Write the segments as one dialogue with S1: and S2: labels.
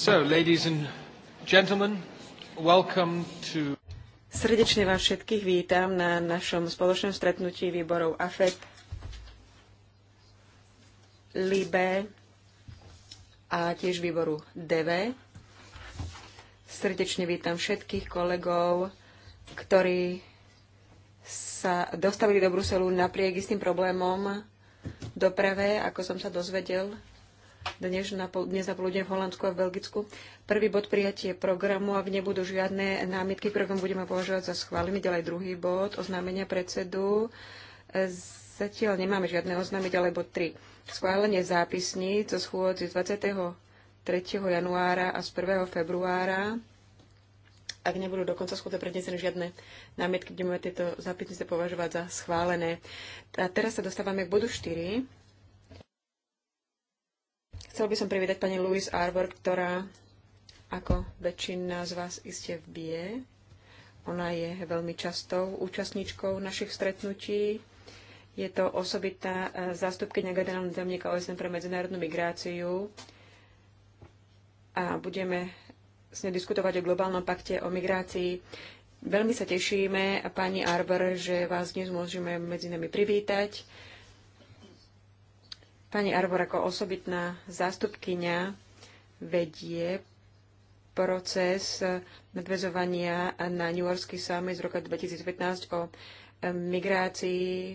S1: So, ladies and gentlemen, welcome to... Srdečne
S2: vás všetkých vítam na našom spoločnom stretnutí výborov AFET, LIBE a tiež výboru DV. Srdečne vítam všetkých kolegov, ktorí sa dostavili do Bruselu napriek istým problémom doprave, ako som sa dozvedel dnes, na, dnes na poludne v Holandsku a v Belgicku. Prvý bod prijatie programu, ak nebudú žiadne námietky, program budeme považovať za schválený. Ďalej druhý bod, oznámenia predsedu. E, zatiaľ nemáme žiadne oznámy, ďalej bod 3. Schválenie zápisníc zo schôdzi 23. januára a z 1. februára. Ak nebudú do konca schôdze prednesené žiadne námietky, budeme tieto zápisnice považovať za schválené. A teraz sa dostávame k bodu 4 Chcel by som privítať pani Louise Arbor, ktorá, ako väčšina z vás iste vie, ona je veľmi častou účastníčkou našich stretnutí. Je to osobitá eh, zástupkynia generálneho tajomníka OSN pre medzinárodnú migráciu a budeme s ňou diskutovať o globálnom pakte o migrácii. Veľmi sa tešíme, pani Arbor, že vás dnes môžeme medzi nami privítať. Pani Arbor ako osobitná zástupkynia vedie proces nadvezovania na New Yorkský summit z roka 2015 o eh, migrácii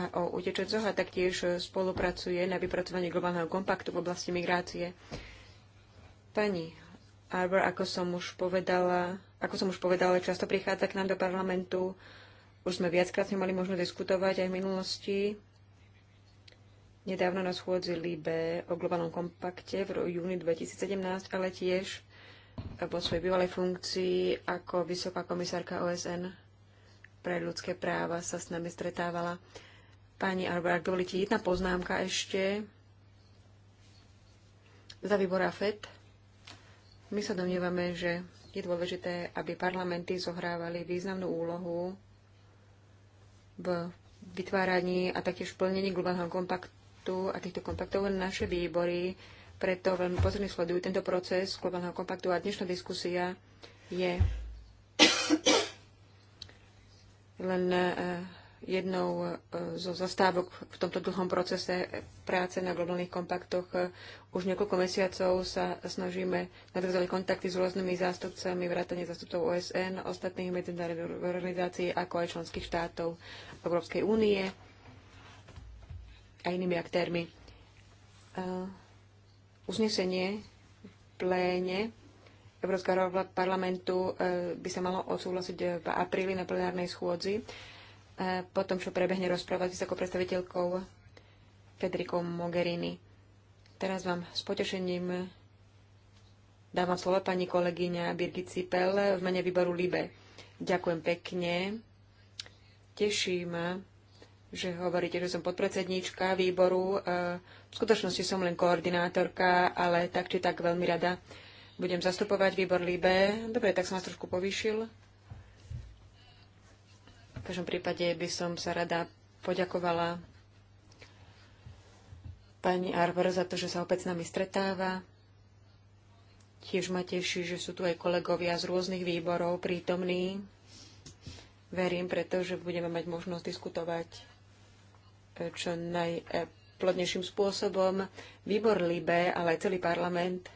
S2: a o utečencoch a taktiež spolupracuje na vypracovaní globálneho kompaktu v oblasti migrácie. Pani Arbor, ako som už povedala, ako som už povedala, často prichádza k nám do parlamentu. Už sme viackrát sme mali možnosť diskutovať aj v minulosti nedávno na schôdzi Libe o globálnom kompakte v júni 2017, ale tiež vo svojej bývalej funkcii ako vysoká komisárka OSN pre ľudské práva sa s nami stretávala. Pani Arbor, ak dovolíte, jedna poznámka ešte za výbor AFED. My sa domnievame, že je dôležité, aby parlamenty zohrávali významnú úlohu v vytváraní a taktiež plnení globálneho kompaktu kontaktu a týchto kompaktov naše výbory preto veľmi pozorne sledujú tento proces globálneho kompaktu a dnešná diskusia je len e, jednou e, zo zastávok v tomto dlhom procese práce na globálnych kompaktoch. E, už niekoľko mesiacov sa snažíme nadviazať kontakty s rôznymi zástupcami, vrátane zástupcov OSN, ostatných medzinárodných organizácií, ako aj členských štátov Európskej únie a inými aktérmi. E, uznesenie pléne Európskeho parlamentu e, by sa malo odsúhlasiť v apríli na plenárnej schôdzi, e, po tom, čo prebehne rozpráva s vysokou predstaviteľkou Federikou Mogherini. Teraz vám s potešením dávam slovo pani kolegyňa Birgit Cipel v mene výboru LIBE. Ďakujem pekne. Teší ma, že hovoríte, že som podpredsedníčka výboru. E, v skutočnosti som len koordinátorka, ale tak či tak veľmi rada budem zastupovať výbor Libe. Dobre, tak som vás trošku povýšil. V každom prípade by som sa rada poďakovala pani Arbor za to, že sa opäť s nami stretáva. Tiež ma teší, že sú tu aj kolegovia z rôznych výborov prítomní verím, pretože budeme mať možnosť diskutovať čo najplodnejším spôsobom. Výbor Libe, ale aj celý parlament,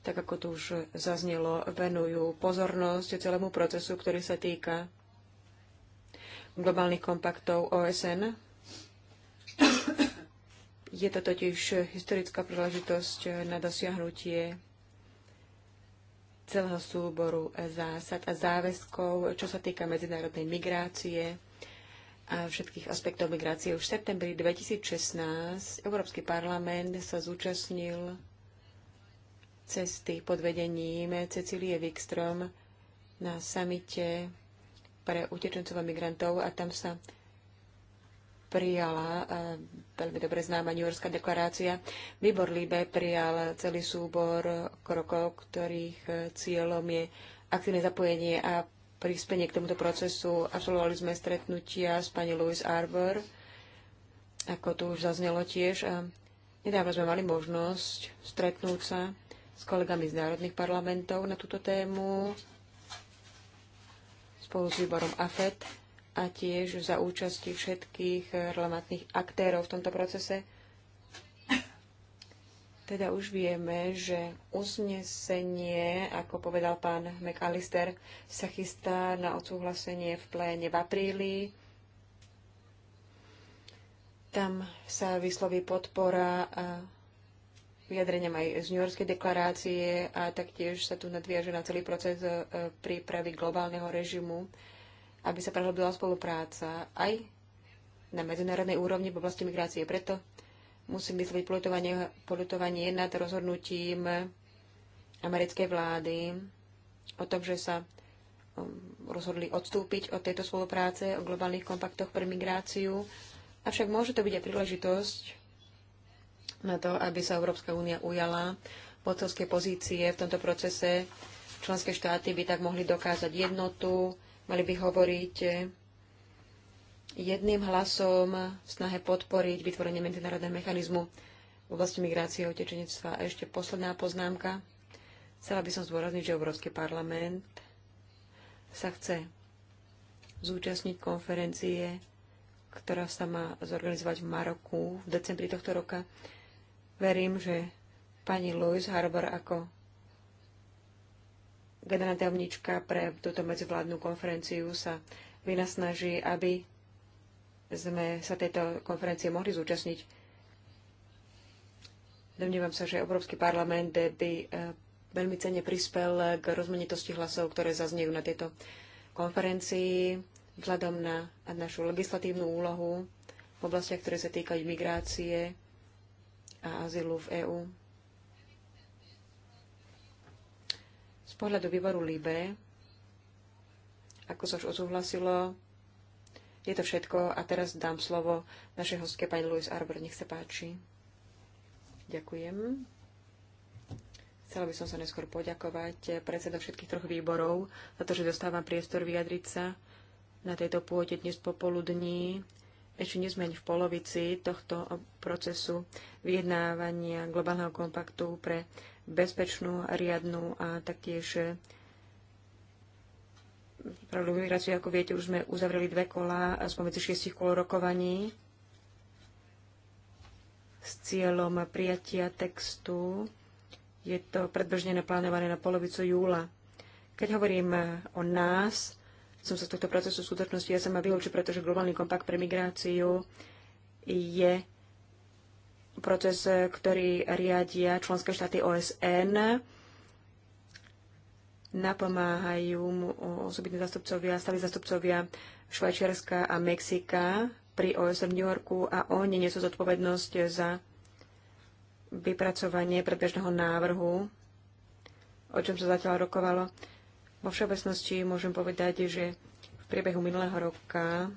S2: tak ako tu už zaznelo, venujú pozornosť celému procesu, ktorý sa týka globálnych kompaktov OSN. Je to totiž historická príležitosť na dosiahnutie celého súboru zásad a záväzkov, čo sa týka medzinárodnej migrácie, všetkých aspektov migrácie. Už v septembri 2016 Európsky parlament sa zúčastnil cesty pod vedením Cecílie Wikström na samite pre utečencov a migrantov a tam sa prijala veľmi dobre známa New Yorkská deklarácia. Výbor Líbe prijal celý súbor krokov, ktorých cieľom je aktívne zapojenie a prispenie k tomuto procesu. Absolvovali sme stretnutia s pani Louise Arbor, ako tu už zaznelo tiež. A nedávno sme mali možnosť stretnúť sa s kolegami z národných parlamentov na túto tému spolu s výborom AFET a tiež za účasti všetkých relevantných aktérov v tomto procese. Teda už vieme, že uznesenie, ako povedal pán McAllister, sa chystá na odsúhlasenie v pléne v apríli. Tam sa vysloví podpora vyjadreniam aj z New Yorkskej deklarácie a taktiež sa tu nadviaže na celý proces e, prípravy globálneho režimu, aby sa prehlbila spolupráca aj na medzinárodnej úrovni v oblasti migrácie. Preto musím mysliť polutovanie, polutovanie nad rozhodnutím americkej vlády o tom, že sa um, rozhodli odstúpiť od tejto spolupráce o globálnych kompaktoch pre migráciu. Avšak môže to byť aj príležitosť na to, aby sa Európska únia ujala vodcovské pozície v tomto procese. Členské štáty by tak mohli dokázať jednotu, mali by hovoriť jedným hlasom v snahe podporiť vytvorenie medzinárodného mechanizmu v oblasti migrácie a utečenectva. A ešte posledná poznámka. Chcela by som zdôrazniť, že Európsky parlament sa chce zúčastniť konferencie, ktorá sa má zorganizovať v Maroku v decembri tohto roka. Verím, že pani Louise Harbour ako generálna pre túto medzivládnu konferenciu sa vynasnaží, aby sme sa tejto konferencie mohli zúčastniť. Domnívam sa, že Európsky parlament by e, veľmi cenne prispel k rozmanitosti hlasov, ktoré zaznejú na tejto konferencii vzhľadom na našu legislatívnu úlohu v oblastiach, ktoré sa týkajú migrácie a azylu v EÚ. Z pohľadu výboru LIBE, ako sa už odsúhlasilo, je to všetko a teraz dám slovo našej hostke pani Louise Arbor. Nech sa páči. Ďakujem. Chcela by som sa neskôr poďakovať predseda všetkých troch výborov za to, že dostávam priestor vyjadriť sa na tejto pôde dnes popoludní. Ešte nie ani v polovici tohto procesu vyjednávania globálneho kompaktu pre bezpečnú, riadnu a taktiež pravdu migráciu, ako viete, už sme uzavreli dve kola spomedzi šiestich kol rokovaní s cieľom prijatia textu. Je to predbežne naplánované na polovicu júla. Keď hovorím o nás, som sa z tohto procesu skutočnosti ja sama vyučil, pretože globálny kompakt pre migráciu je proces, ktorý riadia členské štáty OSN napomáhajú mu osobitní zastupcovia, stali zastupcovia Švajčiarska a Mexika pri OSN v New Yorku a oni nesú zodpovednosť za vypracovanie predbežného návrhu, o čom sa zatiaľ rokovalo. Vo všeobecnosti môžem povedať, že v priebehu minulého roka,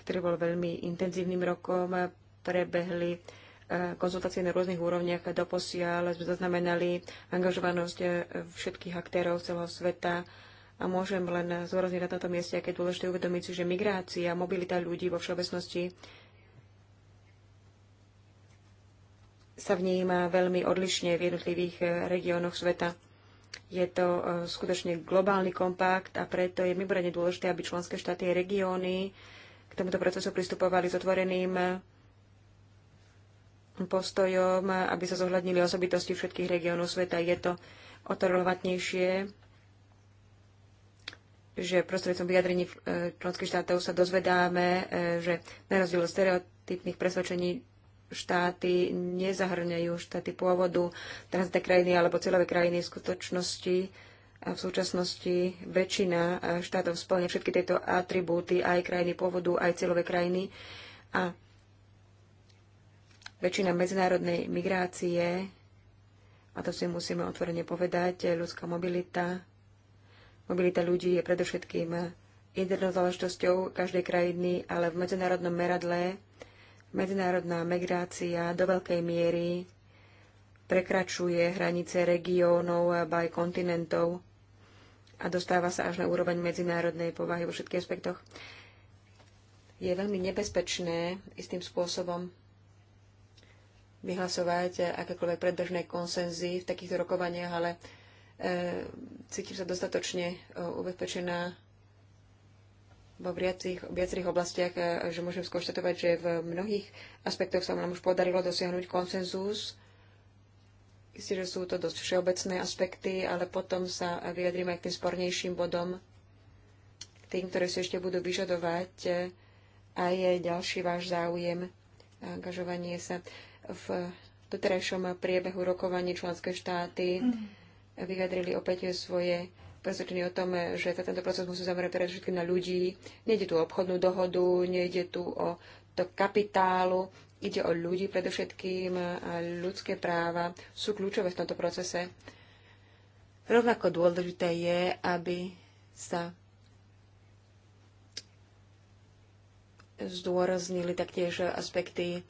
S2: ktorý bol veľmi intenzívnym rokom, prebehli konzultácie na rôznych úrovniach. Doposiaľ sme zaznamenali angažovanosť eh, všetkých aktérov celého sveta a môžem len zúrazniť na tomto mieste, aké je dôležité uvedomiť si, že migrácia, mobilita ľudí vo všeobecnosti sa vníma veľmi odlišne v jednotlivých eh, regiónoch sveta. Je to eh, skutočne globálny kompakt a preto je mimoriadne dôležité, aby členské štáty a regióny k tomuto procesu pristupovali s otvoreným postojom, aby sa zohľadnili osobitosti všetkých regiónov sveta. Je to o to relevantnejšie, že prostredcom vyjadrení e, členských štátov sa dozvedáme, e, že na rozdiel od stereotypných presvedčení štáty nezahrňajú štáty pôvodu, tranzitné krajiny alebo celové krajiny v skutočnosti a v súčasnosti väčšina e, štátov spĺňa všetky tieto atribúty, aj krajiny pôvodu, aj celové krajiny. A Väčšina medzinárodnej migrácie, a to si musíme otvorene povedať, ľudská mobilita, mobilita ľudí je predovšetkým jednou záležitosťou každej krajiny, ale v medzinárodnom meradle medzinárodná migrácia do veľkej miery prekračuje hranice regiónov aj kontinentov a dostáva sa až na úroveň medzinárodnej povahy vo všetkých aspektoch. Je veľmi nebezpečné istým spôsobom vyhlasovať akékoľvek predbežné konsenzy v takýchto rokovaniach, ale e, cítim sa dostatočne e, ubezpečená vo viacerých, viacerých oblastiach, e, že môžem skonštatovať, že v mnohých aspektoch sa nám už podarilo dosiahnuť konsenzus. Isté, že sú to dosť všeobecné aspekty, ale potom sa vyjadríme aj k tým spornejším bodom, k tým, ktoré si ešte budú vyžadovať aj ďalší váš záujem a angažovanie sa v doterajšom priebehu rokovaní členské štáty vyjadrili opäť svoje presvedčenie o tom, že sa tento proces musí zamerať všetkým na ľudí. Nejde tu o obchodnú dohodu, nejde tu o to kapitálu, ide o ľudí predovšetkým a ľudské práva sú kľúčové v tomto procese. Rovnako dôležité je, aby sa zdôraznili taktiež aspekty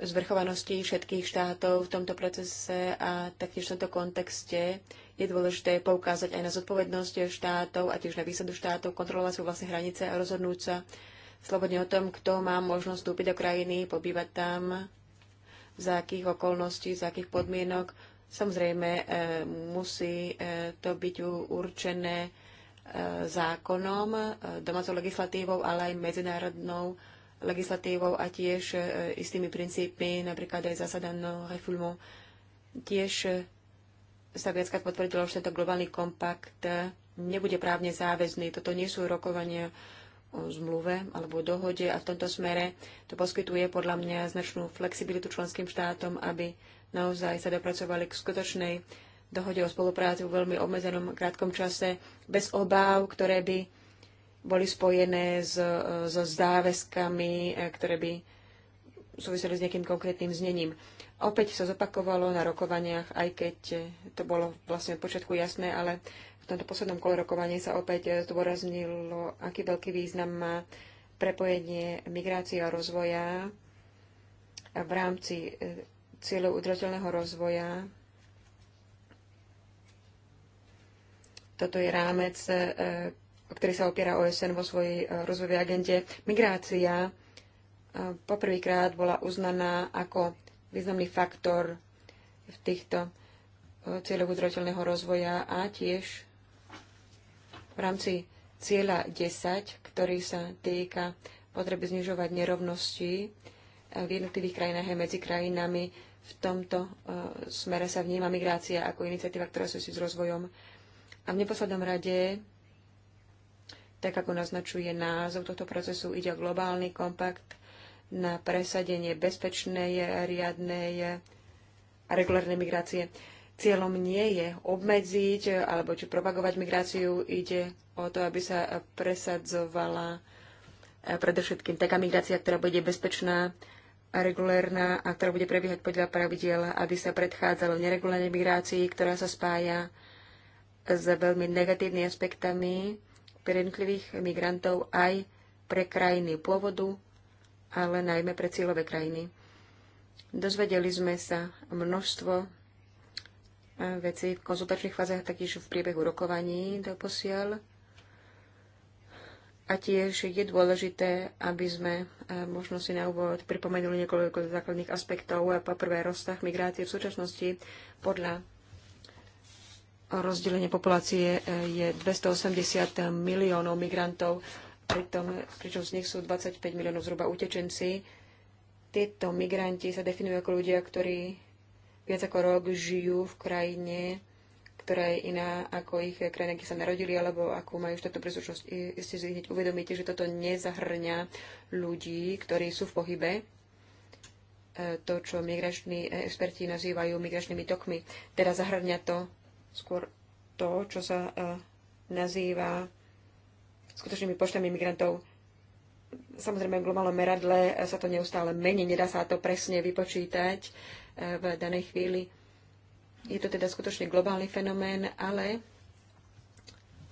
S2: zvrchovanosti všetkých štátov v tomto procese a taktiež v tomto kontexte je dôležité poukázať aj na zodpovednosť štátov a tiež na výsadu štátov, kontrolovať sú vlastne hranice a rozhodnúť sa slobodne o tom, kto má možnosť vstúpiť do krajiny, pobývať tam, za akých okolností, za akých podmienok. Samozrejme, e, musí e, to byť určené e, zákonom, domácou legislatívou, ale aj medzinárodnou legislatívou a tiež e, istými princípmi, napríklad aj zasadanou reformou. Tiež e, sa viackrát potvrdilo, že tento globálny kompakt e, nebude právne záväzný. Toto nie sú rokovania o zmluve alebo o dohode a v tomto smere to poskytuje podľa mňa značnú flexibilitu členským štátom, aby naozaj sa dopracovali k skutočnej dohode o spolupráci v veľmi obmedzenom krátkom čase bez obáv, ktoré by boli spojené s, so záväzkami, e, ktoré by súviseli s nejakým konkrétnym znením. Opäť sa zopakovalo na rokovaniach, aj keď e, to bolo vlastne od počiatku jasné, ale v tomto poslednom kole rokovania sa opäť e, zdôraznilo, aký veľký význam má prepojenie migrácie a rozvoja v rámci cieľov udržateľného rozvoja. Toto je rámec, o ktorý sa opiera OSN vo svojej e, rozvojovej agende. Migrácia e, poprvýkrát bola uznaná ako významný faktor v týchto e, cieľoch udržateľného rozvoja a tiež v rámci cieľa 10, ktorý sa týka potreby znižovať nerovnosti v jednotlivých krajinách aj medzi krajinami. V tomto smere sa vníma migrácia ako iniciatíva, ktorá súvisí s rozvojom. A v neposlednom rade tak ako naznačuje názov tohto procesu, ide o globálny kompakt na presadenie bezpečnej, riadnej a regulárnej migrácie. Cieľom nie je obmedziť alebo či propagovať migráciu, ide o to, aby sa presadzovala eh, predovšetkým taká migrácia, ktorá bude bezpečná, a regulérna a ktorá bude prebiehať podľa pravidiel, aby sa predchádzalo neregulárnej migrácii, ktorá sa spája s veľmi negatívnymi aspektami pre jednotlivých migrantov aj pre krajiny pôvodu, ale najmä pre cieľové krajiny. Dozvedeli sme sa množstvo eh, veci v konzultačných fázach, taktiež v priebehu rokovaní do posiel. A tiež je dôležité, aby sme eh, možno si na úvod pripomenuli niekoľko základných aspektov. Po prvé, rozsah migrácie v súčasnosti podľa rozdelenie populácie e, je 280 miliónov migrantov, pritom, pričom z nich sú 25 miliónov zhruba utečenci. Títo migranti sa definujú ako ľudia, ktorí viac ako rok žijú v krajine, ktorá je iná ako ich krajina, kde sa narodili, alebo akú majú štátnu príslušnosť. Ste si hneď uvedomíte, že toto nezahrňa ľudí, ktorí sú v pohybe, e, to, čo migrační e, experti nazývajú migračnými tokmi. Teda zahrňa to skôr to, čo sa e, nazýva skutočnými počtami migrantov. Samozrejme, v globálnom meradle e, sa to neustále mení, nedá sa to presne vypočítať e, v danej chvíli. Je to teda skutočne globálny fenomén, ale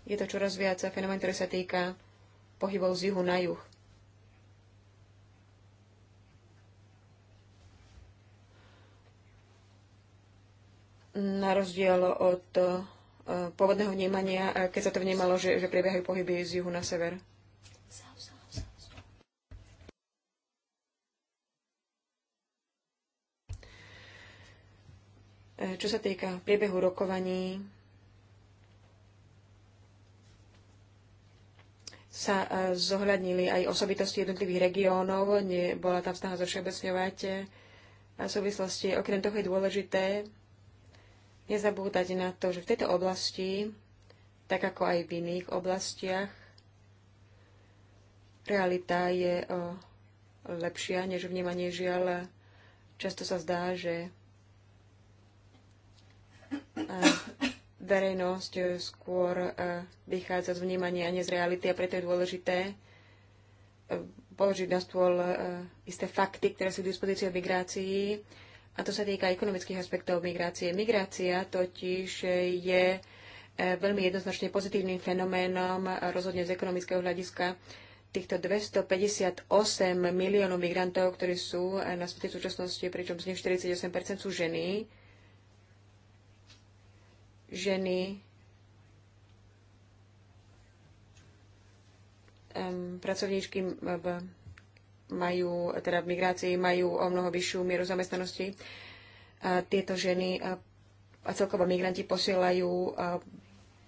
S2: je to čoraz viac fenomén, ktorý sa týka pohybov z juhu na juh. na rozdiel od e, pôvodného vnímania, e, keď sa to vnímalo, že, že prebiehajú pohyby z juhu na sever. E, čo sa týka priebehu rokovaní, sa zohľadnili aj osobitosti jednotlivých regiónov, nebola tam snaha zovšeobecňovať a súvislosti. Okrem toho je dôležité nezabúdať na to, že v tejto oblasti, tak ako aj v iných oblastiach, realita je o, eh, lepšia než vnímanie žiaľ. Často sa zdá, že eh, verejnosť eh, skôr vychádza z vnímania a nie z reality a preto je dôležité položiť na stôl isté fakty, ktoré sú k dispozícii o migrácii, a to sa týka ekonomických aspektov migrácie. Migrácia totiž je e, veľmi jednoznačne pozitívnym fenoménom, rozhodne z ekonomického hľadiska. Týchto 258 miliónov migrantov, ktorí sú e, na svete v súčasnosti, pričom z nich 48 sú ženy, ženy um, pracovníčky v majú, teda v migrácii majú o mnoho vyššiu mieru zamestnanosti. A tieto ženy a, celkovo migranti posielajú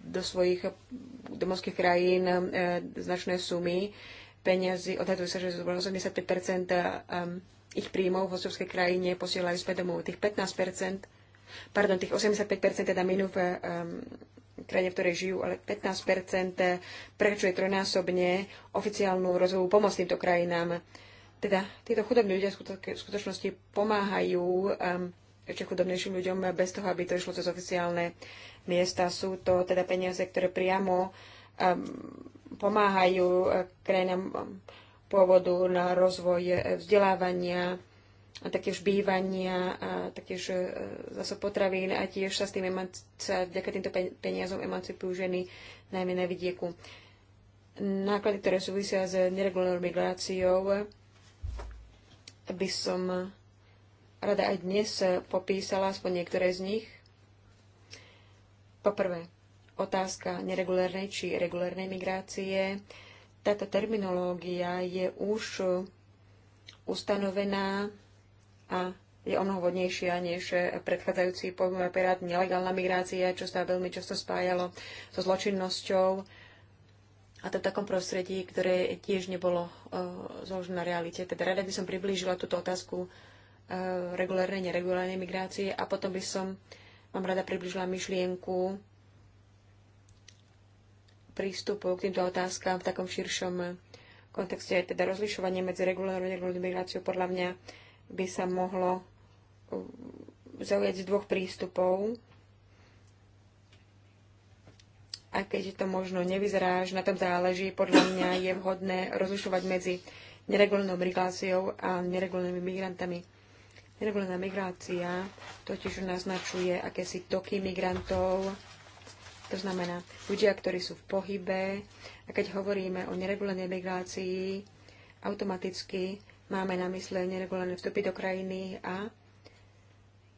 S2: do svojich domovských krajín značné sumy peniazy. Odhaduje sa, že 85 ich príjmov v hostovskej krajine posielajú späť domov. Tých 15 pardon, tých 85 teda minú v um, krajine, v ktorej žijú, ale 15 eh, prečuje trojnásobne oficiálnu rozvojovú pomoc týmto krajinám. Teda títo chudobní ľudia v skutočnosti pomáhajú um, ešte chudobnejším ľuďom bez toho, aby to išlo cez oficiálne miesta. Sú to teda peniaze, ktoré priamo um, pomáhajú uh, krajinám um, pôvodu na rozvoj uh, vzdelávania, a taktiež bývania, a taktiež uh, zase potravín a tiež sa s tým sa vďaka týmto peniazom emancipujú ženy, najmä na vidieku. Náklady, ktoré súvisia s neregulárnou migráciou, by som rada aj dnes popísala aspoň niektoré z nich. Poprvé, otázka neregulérnej či regulérnej migrácie. Táto terminológia je už ustanovená a je o mnoho vodnejšia než predchádzajúci pojmový aparát nelegálna migrácia, čo sa veľmi často spájalo so zločinnosťou a to v takom prostredí, ktoré tiež nebolo e, založené na realite. Teda rada by som priblížila túto otázku e, regulárnej, neregulárnej migrácie a potom by som vám rada priblížila myšlienku prístupu k týmto otázkam v takom širšom kontexte teda rozlišovanie medzi regulárnou a neregulárnou migráciou podľa mňa by sa mohlo e, zaujať z dvoch prístupov aj keď to možno nevyzerá, že na tom záleží, podľa mňa je vhodné rozlišovať medzi neregulnou migráciou a neregulnými migrantami. Neregulná migrácia totiž naznačuje akési toky migrantov, to znamená ľudia, ktorí sú v pohybe a keď hovoríme o neregulnej migrácii, automaticky máme na mysle neregulárne vstupy do krajiny a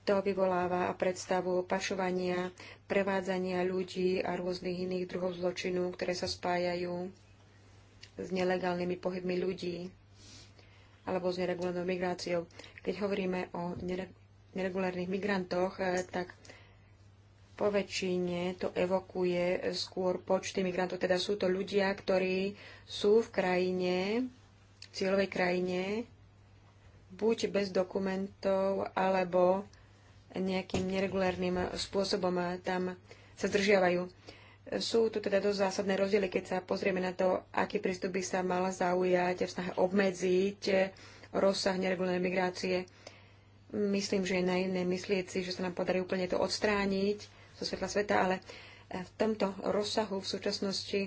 S2: to vyvoláva predstavu pašovania, prevádzania ľudí a rôznych iných druhov zločinu, ktoré sa spájajú s nelegálnymi pohybmi ľudí alebo s neregulárnou migráciou. Keď hovoríme o neregulárnych migrantoch, eh, tak po väčšine to evokuje skôr počty migrantov. Teda sú to ľudia, ktorí sú v krajine, v cieľovej krajine, buď bez dokumentov, alebo nejakým neregulárnym spôsobom tam sa zdržiavajú. Sú tu teda dosť zásadné rozdiely, keď sa pozrieme na to, aký prístup by sa mala zaujať v snahe obmedziť rozsah neregulárnej migrácie. Myslím, že je naivné myslieť si, že sa nám podarí úplne to odstrániť zo svetla sveta, ale e, v tomto rozsahu v súčasnosti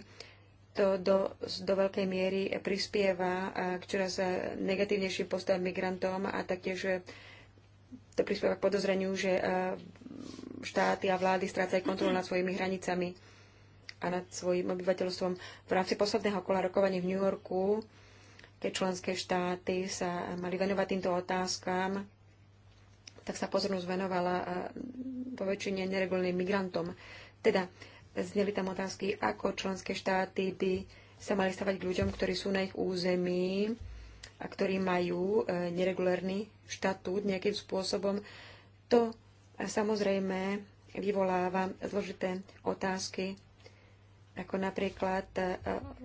S2: to do, do veľkej miery prispieva e, k čoraz e, negatívnejším postojom migrantom a taktiež to prispieva k podozreniu, že e, štáty a vlády strácajú kontrolu nad svojimi hranicami a nad svojim obyvateľstvom. V rámci posledného kola rokovaní v New Yorku, keď členské štáty sa mali venovať týmto otázkam, tak sa pozornosť venovala e, vo väčšine neregulným migrantom. Teda zneli tam otázky, ako členské štáty by sa mali stavať k ľuďom, ktorí sú na ich území, a ktorí majú e, neregulárny štatút nejakým spôsobom, to e, samozrejme vyvoláva zložité otázky, ako napríklad e,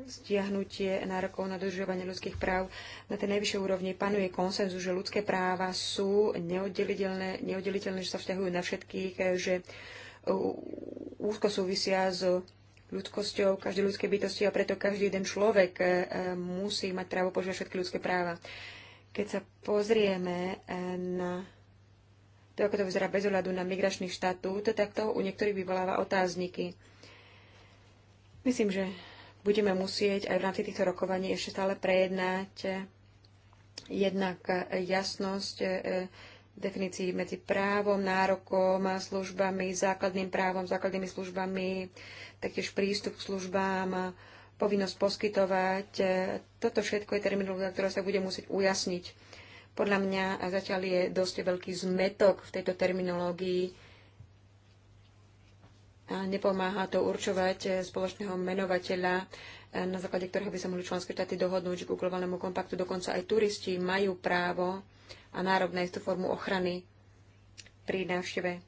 S2: stiahnutie nárokov na dodržovanie ľudských práv. Na tej najvyššej úrovni panuje konsenzus, že ľudské práva sú neoddeliteľné, neoddeliteľné že sa vzťahujú na všetkých, že úzko súvisia s ľudskosťou každej ľudskej bytosti a preto každý jeden človek e, musí mať právo požívať všetky ľudské práva. Keď sa pozrieme e, na to, ako to vyzerá bez ohľadu na migračný štatút, tak to u niektorých vyvoláva otázniky. Myslím, že budeme musieť aj v rámci týchto rokovaní ešte stále prejednať jednak jasnosť e, definícií medzi právom, nárokom, službami, základným právom, základnými službami, taktiež prístup k službám, povinnosť poskytovať. Toto všetko je terminológia, ktorá sa bude musieť ujasniť. Podľa mňa zatiaľ je dosť veľký zmetok v tejto terminológii a nepomáha to určovať spoločného menovateľa, na základe ktorého by sa mohli členské štáty dohodnúť k globálnemu kompaktu. Dokonca aj turisti majú právo a nárok na istú formu ochrany pri návšteve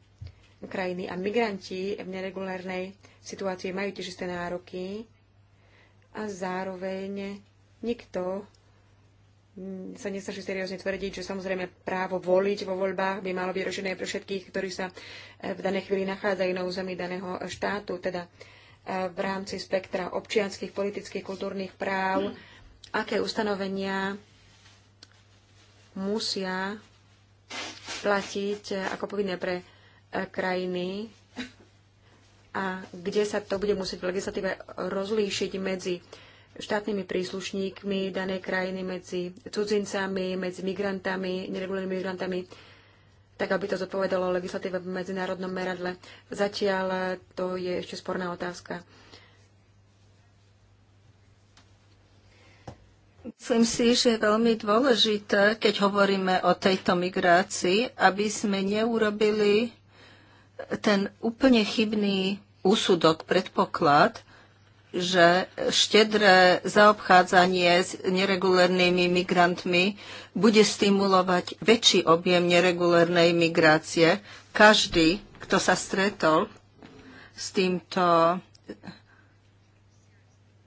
S2: krajiny. A migranti v neregulárnej situácii majú tiež isté nároky a zároveň nikto sa nesnaží seriózne tvrdiť, že samozrejme právo voliť vo voľbách by malo byť rozšírené pre všetkých, ktorí sa e, v danej chvíli nachádzajú na území daného štátu, teda e, v rámci spektra občianských, politických, kultúrnych práv, aké ustanovenia musia platiť ako povinné pre e, krajiny a kde sa to bude musieť v legislatíve rozlíšiť medzi štátnymi príslušníkmi danej krajiny, medzi cudzincami, medzi migrantami, neregulárnymi migrantami, tak aby to zodpovedalo legislatíve v medzinárodnom meradle. Zatiaľ to je ešte sporná otázka.
S1: Myslím si, že je veľmi dôležité, keď hovoríme o tejto migrácii, aby sme neurobili ten úplne chybný úsudok, predpoklad, že štedré zaobchádzanie s neregulérnymi migrantmi bude stimulovať väčší objem neregulérnej migrácie. Každý, kto sa stretol s týmto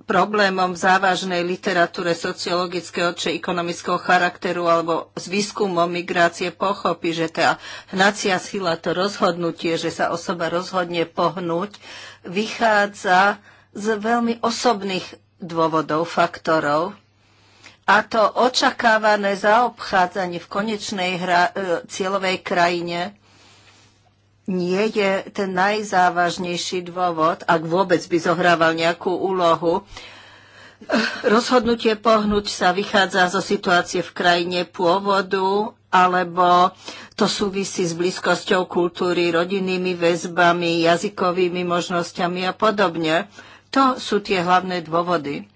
S1: problémom v závažnej literatúre sociologického či ekonomického charakteru alebo s výskumom migrácie pochopí, že tá hnacia sila, to rozhodnutie, že sa osoba rozhodne pohnúť, vychádza z veľmi osobných dôvodov, faktorov. A to očakávané zaobchádzanie v konečnej hra, e, cieľovej krajine nie je ten najzávažnejší dôvod, ak vôbec by zohrával nejakú úlohu. Rozhodnutie pohnúť sa vychádza zo situácie v krajine pôvodu alebo to súvisí s blízkosťou kultúry, rodinnými väzbami, jazykovými možnosťami a podobne. To sú tie hlavné dôvody,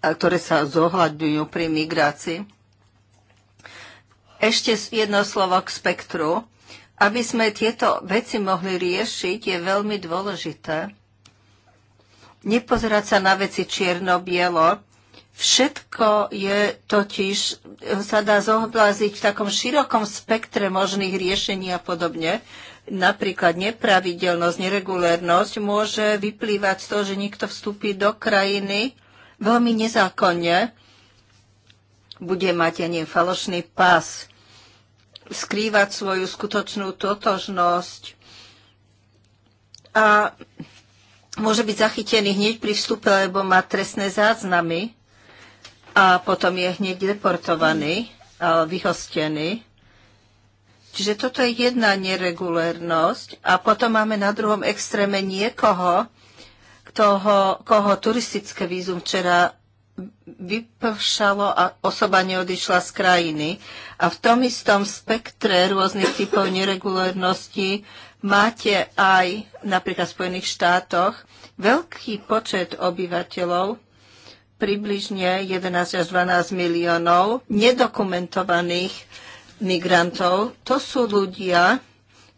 S1: ktoré sa zohľadňujú pri migrácii. Ešte jedno slovo k spektru. Aby sme tieto veci mohli riešiť, je veľmi dôležité nepozerať sa na veci čierno-bielo. Všetko je totiž, e, sa dá zohláziť v takom širokom spektre možných riešení a podobne. Napríklad nepravidelnosť, neregulérnosť môže vyplývať z toho, že niekto vstúpi do krajiny veľmi nezákonne, bude mať, ani falošný pás, skrývať svoju skutočnú totožnosť a môže byť zachytený hneď pri vstupe, lebo má trestné záznamy a potom je hneď deportovaný a vyhostený. Čiže toto je jedna neregulérnosť a potom máme na druhom extréme niekoho, toho, koho turistické vízum včera vypršalo a osoba neodišla z krajiny. A v tom istom spektre rôznych typov neregulárnosti máte aj napríklad v Spojených štátoch veľký počet obyvateľov, približne 11 až 12 miliónov nedokumentovaných migrantov. To sú ľudia,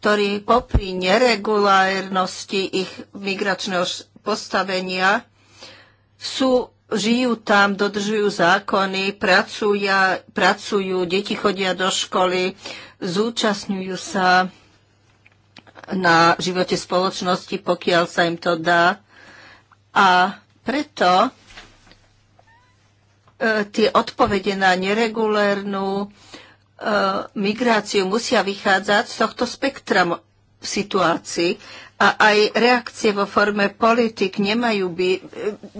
S1: ktorí popri neregulárnosti ich migračného postavenia sú žijú tam, dodržujú zákony, pracuja, pracujú, deti chodia do školy, zúčastňujú sa na živote spoločnosti, pokiaľ sa im to dá. A preto e, tie odpovede na neregulérnu e, migráciu musia vychádzať z tohto spektra situácií a aj reakcie vo forme politik nemajú, by,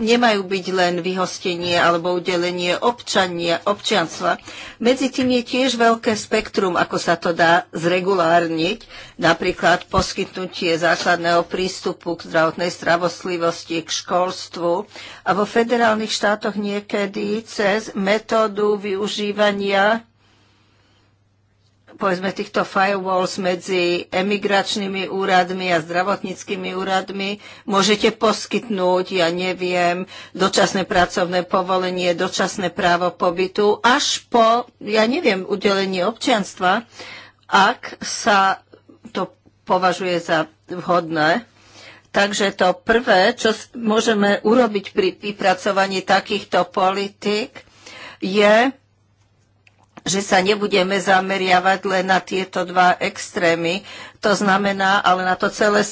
S1: nemajú byť len vyhostenie alebo udelenie občania, občianstva. Medzi tým je tiež veľké spektrum, ako sa to dá zregulárniť, napríklad poskytnutie základného prístupu k zdravotnej stravostlivosti, k školstvu a vo federálnych štátoch niekedy cez metódu využívania povedzme týchto firewalls medzi emigračnými úradmi a zdravotníckými úradmi. Môžete poskytnúť, ja neviem, dočasné pracovné povolenie, dočasné právo pobytu až po, ja neviem, udelenie občianstva, ak sa to považuje za vhodné. Takže to prvé, čo môžeme urobiť pri vypracovaní takýchto politik, je že sa nebudeme zameriavať len na tieto dva extrémy. To znamená ale na to celé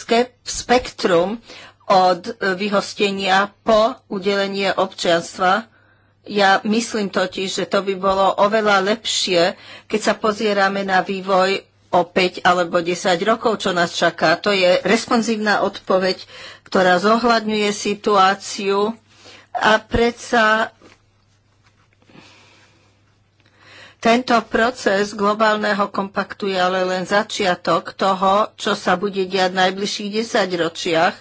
S1: spektrum od e, vyhostenia po udelenie občianstva. Ja myslím totiž, že to by bolo oveľa lepšie, keď sa pozierame na vývoj o 5 alebo 10 rokov, čo nás čaká. To je responsívna odpoveď, ktorá zohľadňuje situáciu a predsa Tento proces globálneho kompaktu je ale len začiatok toho, čo sa bude diať v najbližších desaťročiach,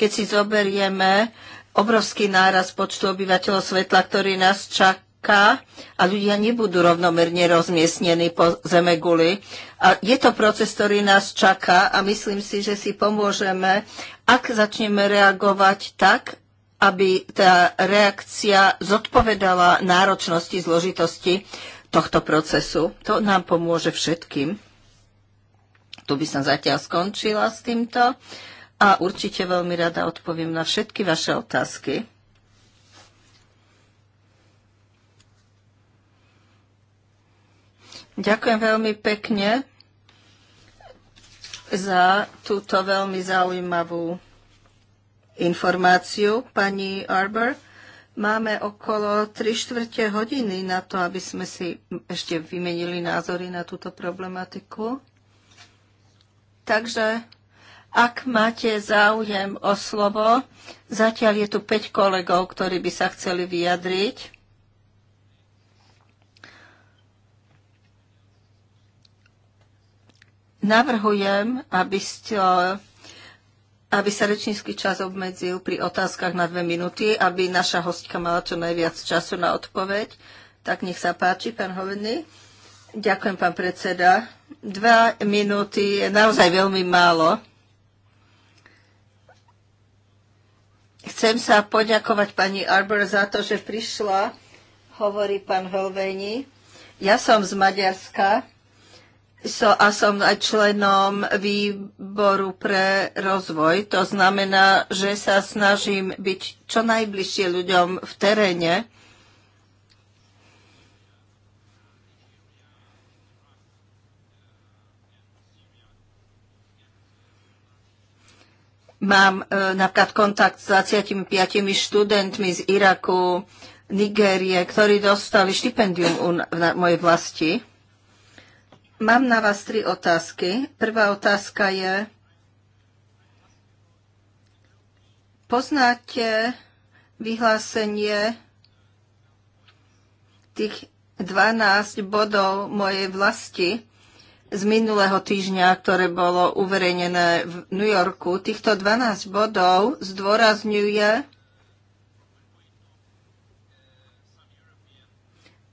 S1: keď si zoberieme obrovský náraz počtu obyvateľov svetla, ktorý nás čaká a ľudia nebudú rovnomerne rozmiestnení po zeme guli. A je to proces, ktorý nás čaká a myslím si, že si pomôžeme, ak začneme reagovať tak, aby tá reakcia zodpovedala náročnosti, zložitosti tohto procesu. To nám pomôže všetkým. Tu by som zatiaľ skončila s týmto a určite veľmi rada odpoviem na všetky vaše otázky. Ďakujem veľmi pekne za túto veľmi zaujímavú informáciu, pani Arber. Máme okolo 3 štvrte hodiny na to, aby sme si ešte vymenili názory na túto problematiku. Takže ak máte záujem o slovo, zatiaľ je tu 5 kolegov, ktorí by sa chceli vyjadriť. Navrhujem, aby ste aby sa rečnícky čas obmedzil pri otázkach na dve minúty, aby naša hostka mala čo najviac času na odpoveď. Tak nech sa páči, pán Hovený. Ďakujem, pán predseda. Dva minúty je naozaj veľmi málo. Chcem sa poďakovať pani Arbor za to, že prišla, hovorí pán Helveni. Ja som z Maďarska so, a som aj členom výboru pre rozvoj. To znamená, že sa snažím byť čo najbližšie ľuďom v teréne. Mám e, napríklad kontakt s 25 študentmi z Iraku, Nigérie, ktorí dostali štipendium u, v na, mojej vlasti. Mám na vás tri otázky. Prvá otázka je, poznáte vyhlásenie tých 12 bodov mojej vlasti z minulého týždňa, ktoré bolo uverejnené v New Yorku. Týchto 12 bodov zdôrazňuje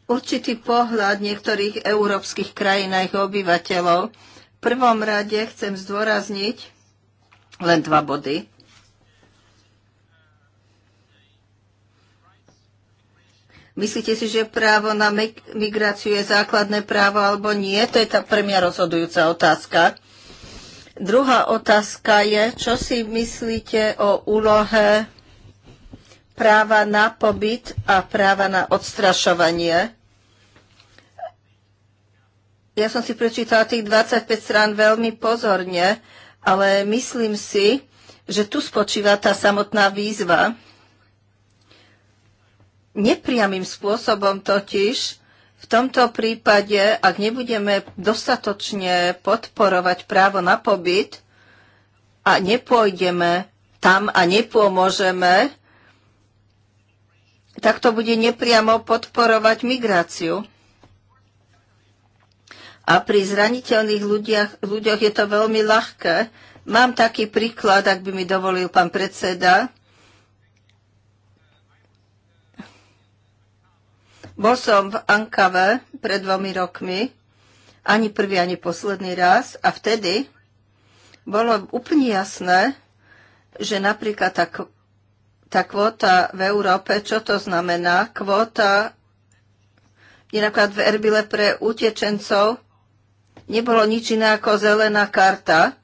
S1: určitý pohľad niektorých európskych krajín a ich obyvateľov. V prvom rade chcem zdôrazniť len dva body. Myslíte si, že právo na migráciu je základné právo alebo nie? To je tá pre mňa rozhodujúca otázka. Druhá otázka je, čo si myslíte o úlohe práva na pobyt a práva na odstrašovanie? Ja som si prečítala tých 25 strán veľmi pozorne, ale myslím si, že tu spočíva tá samotná výzva. Nepriamým spôsobom totiž v tomto prípade, ak nebudeme dostatočne podporovať právo na pobyt a nepôjdeme tam a nepomôžeme, tak to bude nepriamo podporovať migráciu. A pri zraniteľných ľudiach, ľuďoch je to veľmi ľahké. Mám taký príklad, ak by mi dovolil pán predseda. Bol som v Ankave pred dvomi rokmi, ani prvý, ani posledný raz, a vtedy bolo úplne jasné, že napríklad tá, tá kvóta v Európe, čo to znamená? Kvóta je napríklad v Erbile pre utečencov nebolo nič iné ako zelená karta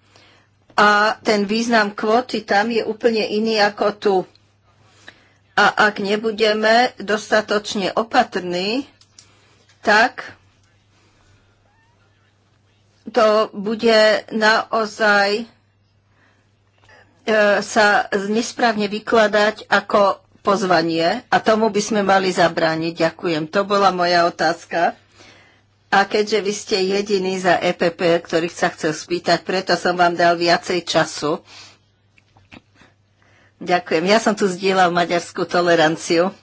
S1: a ten význam kvóty tam je úplne iný ako tu. A ak nebudeme dostatočne opatrní, tak to bude naozaj e, sa nesprávne vykladať ako pozvanie a tomu by sme mali zabrániť. Ďakujem. To bola moja otázka. A keďže vy ste jediný za EPP, ktorých sa chcel spýtať, preto som vám dal viacej času. Ďakujem. Ja som tu zdieľal maďarskú toleranciu.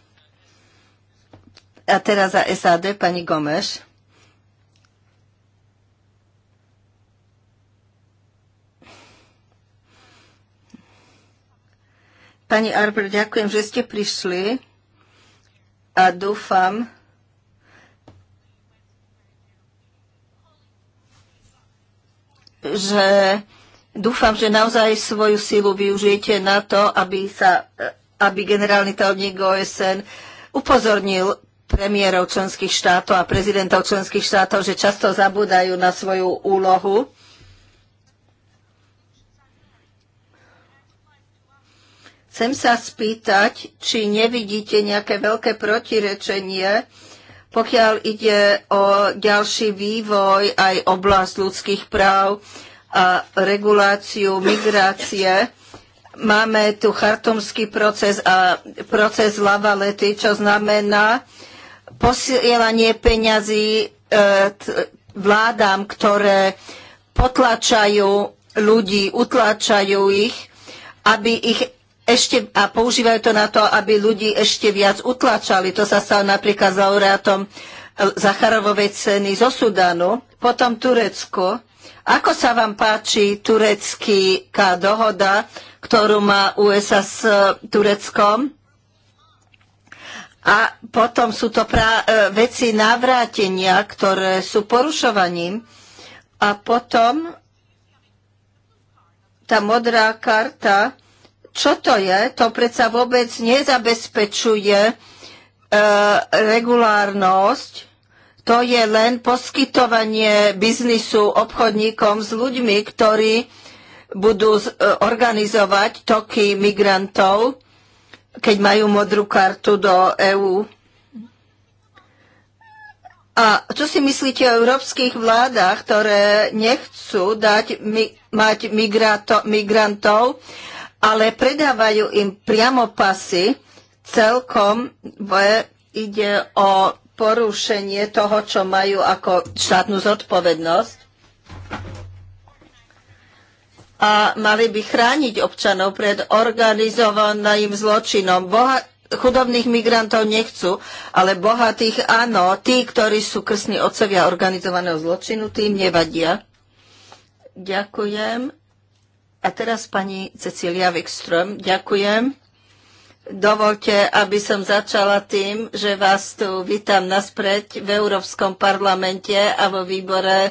S1: A teraz za SAD pani Gomeš. Pani Arber, ďakujem, že ste prišli a dúfam, že dúfam, že naozaj svoju silu využijete na to, aby, sa, aby generálny tajomník OSN upozornil premiérov členských štátov a prezidentov členských štátov, že často zabúdajú na svoju úlohu. Chcem sa spýtať, či nevidíte nejaké veľké protirečenie pokiaľ ide o ďalší vývoj, aj oblasť ľudských práv a reguláciu migrácie, máme tu chartumský proces a proces lavalety, čo znamená posielanie peňazí e, vládám, ktoré potlačajú ľudí, utlačajú ich, aby ich ešte a používajú to na to, aby ľudí ešte viac utlačali. To sa stalo napríklad s laureátom e, Zacharovovej ceny zo Sudanu, potom Turecko. Ako sa vám páči turecká dohoda, ktorú má USA s e, Tureckom? A potom sú to pra- e, veci navrátenia, ktoré sú porušovaním. A potom tá modrá karta, čo to je? To predsa vôbec nezabezpečuje e, regulárnosť. To je len poskytovanie biznisu obchodníkom s ľuďmi, ktorí budú e, organizovať toky migrantov, keď majú modrú kartu do EÚ. A čo si myslíte o európskych vládach, ktoré nechcú dať mi, mať migrato, migrantov ale predávajú im priamo pasy. Celkom ide o porušenie toho, čo majú ako štátnu zodpovednosť. A mali by chrániť občanov pred organizovaným zločinom. Boha- chudobných migrantov nechcú, ale bohatých áno. Tí, ktorí sú krsní otcovia organizovaného zločinu, tým nevadia. Ďakujem. A teraz pani Cecilia Wikström, ďakujem. Dovolte, aby som začala tým, že vás tu vítam naspäť v Európskom parlamente a vo výbore e,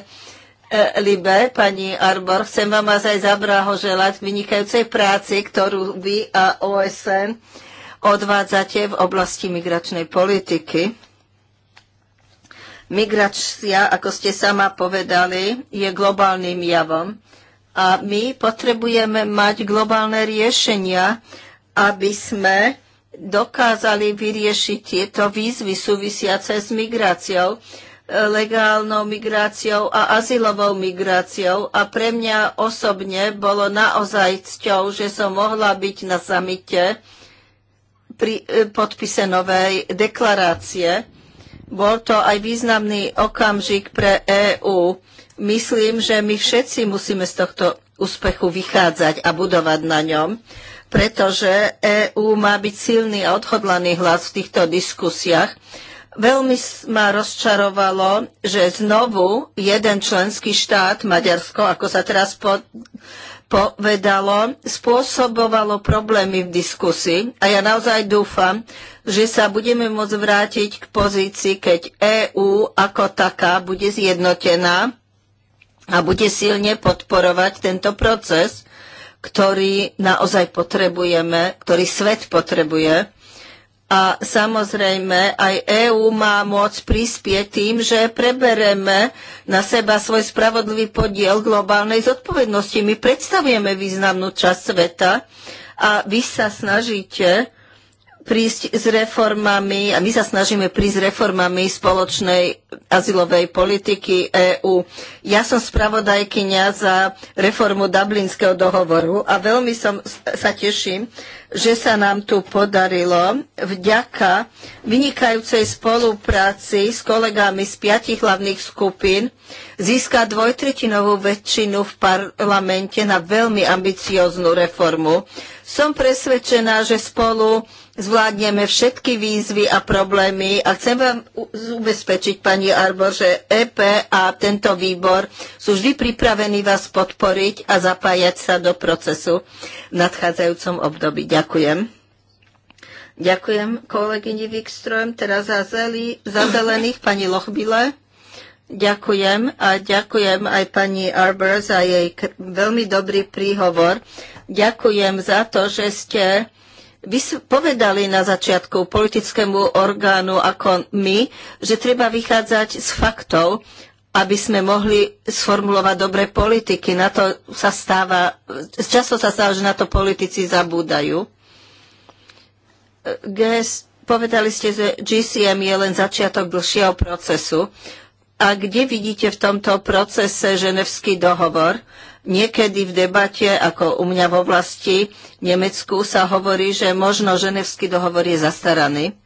S1: Libe, pani Arbor. Chcem vám vás aj zabrahoželať vynikajúcej práci, ktorú vy a OSN odvádzate v oblasti migračnej politiky. Migrácia, ako ste sama povedali, je globálnym javom a my potrebujeme mať globálne riešenia, aby sme dokázali vyriešiť tieto výzvy súvisiace s migráciou, legálnou migráciou a azylovou migráciou. A pre mňa osobne bolo naozaj cťou, že som mohla byť na samite pri e, podpise novej deklarácie. Bol to aj významný okamžik pre EÚ Myslím, že my všetci musíme z tohto úspechu vychádzať a budovať na ňom, pretože EÚ má byť silný a odhodlaný hlas v týchto diskusiách. Veľmi ma rozčarovalo, že znovu jeden členský štát, Maďarsko, ako sa teraz po, povedalo, spôsobovalo problémy v diskusii a ja naozaj dúfam, že sa budeme môcť vrátiť k pozícii, keď EÚ ako taká bude zjednotená a bude silne podporovať tento proces, ktorý naozaj potrebujeme, ktorý svet potrebuje. A samozrejme aj EÚ má môcť prispieť tým, že prebereme na seba svoj spravodlivý podiel globálnej zodpovednosti. My predstavujeme významnú časť sveta a vy sa snažíte prísť s reformami a my sa snažíme prísť s reformami spoločnej azylovej politiky EÚ. Ja som spravodajkynia za reformu Dublinského dohovoru a veľmi som, sa teším, že sa nám tu podarilo vďaka vynikajúcej spolupráci s kolegami z piatich hlavných skupín získať dvojtretinovú väčšinu v parlamente na veľmi ambicióznu reformu. Som presvedčená, že spolu zvládneme všetky výzvy a problémy a chcem vám ubezpečiť, pani Arbor, že EP a tento výbor sú vždy pripravení vás podporiť a zapájať sa do procesu v nadchádzajúcom období. Ďakujem. Ďakujem kolegyni Wikström, teraz za, zeli, za zelených pani Lochbile. Ďakujem a ďakujem aj pani Arbor za jej veľmi dobrý príhovor. Ďakujem za to, že ste vy povedali na začiatku politickému orgánu ako my, že treba vychádzať z faktov, aby sme mohli sformulovať dobré politiky. Na to sa stáva, často sa stáva, že na to politici zabúdajú. GS, povedali ste, že GCM je len začiatok dlhšieho procesu. A kde vidíte v tomto procese ženevský dohovor? Niekedy v debate, ako u mňa vo vlasti Nemecku, sa hovorí, že možno ženevský dohovor je zastaraný.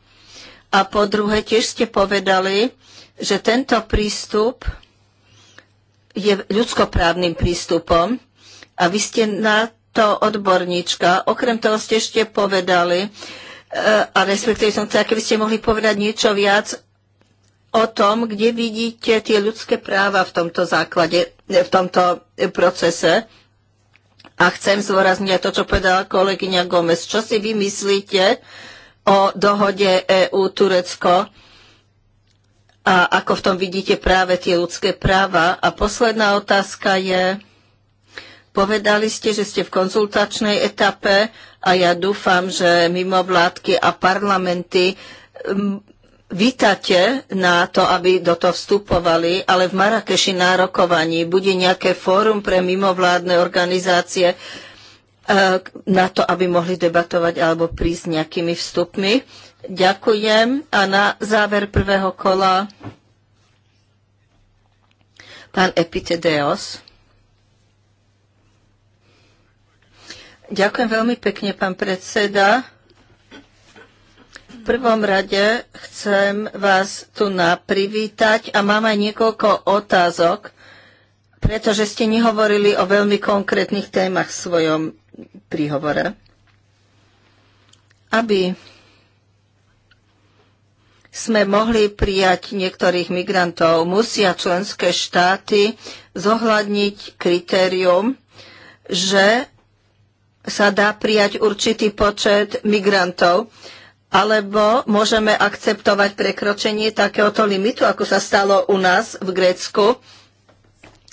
S1: A po druhé, tiež ste povedali, že tento prístup je ľudskoprávnym prístupom a vy ste na to odborníčka. Okrem toho ste ešte povedali, e, a respektíve som chcela, keby ste mohli povedať niečo viac o tom, kde vidíte tie ľudské práva v tomto základe v tomto procese. A chcem aj to, čo povedala kolegyňa Gomez. Čo si vy myslíte o dohode EU-Turecko a ako v tom vidíte práve tie ľudské práva? A posledná otázka je, povedali ste, že ste v konzultačnej etape a ja dúfam, že mimo vládky a parlamenty vítate na to, aby do toho vstupovali, ale v Marakeši na rokovaní bude nejaké fórum pre mimovládne organizácie eh, na to, aby mohli debatovať alebo prísť nejakými vstupmi. Ďakujem a na záver prvého kola pán Epitedeos. Ďakujem veľmi pekne, pán predseda prvom rade chcem vás tu privítať a mám aj niekoľko otázok, pretože ste nehovorili o veľmi konkrétnych témach v svojom príhovore. Aby sme mohli prijať niektorých migrantov, musia členské štáty zohľadniť kritérium, že sa dá prijať určitý počet migrantov alebo môžeme akceptovať prekročenie takéhoto limitu, ako sa stalo u nás v Grécku.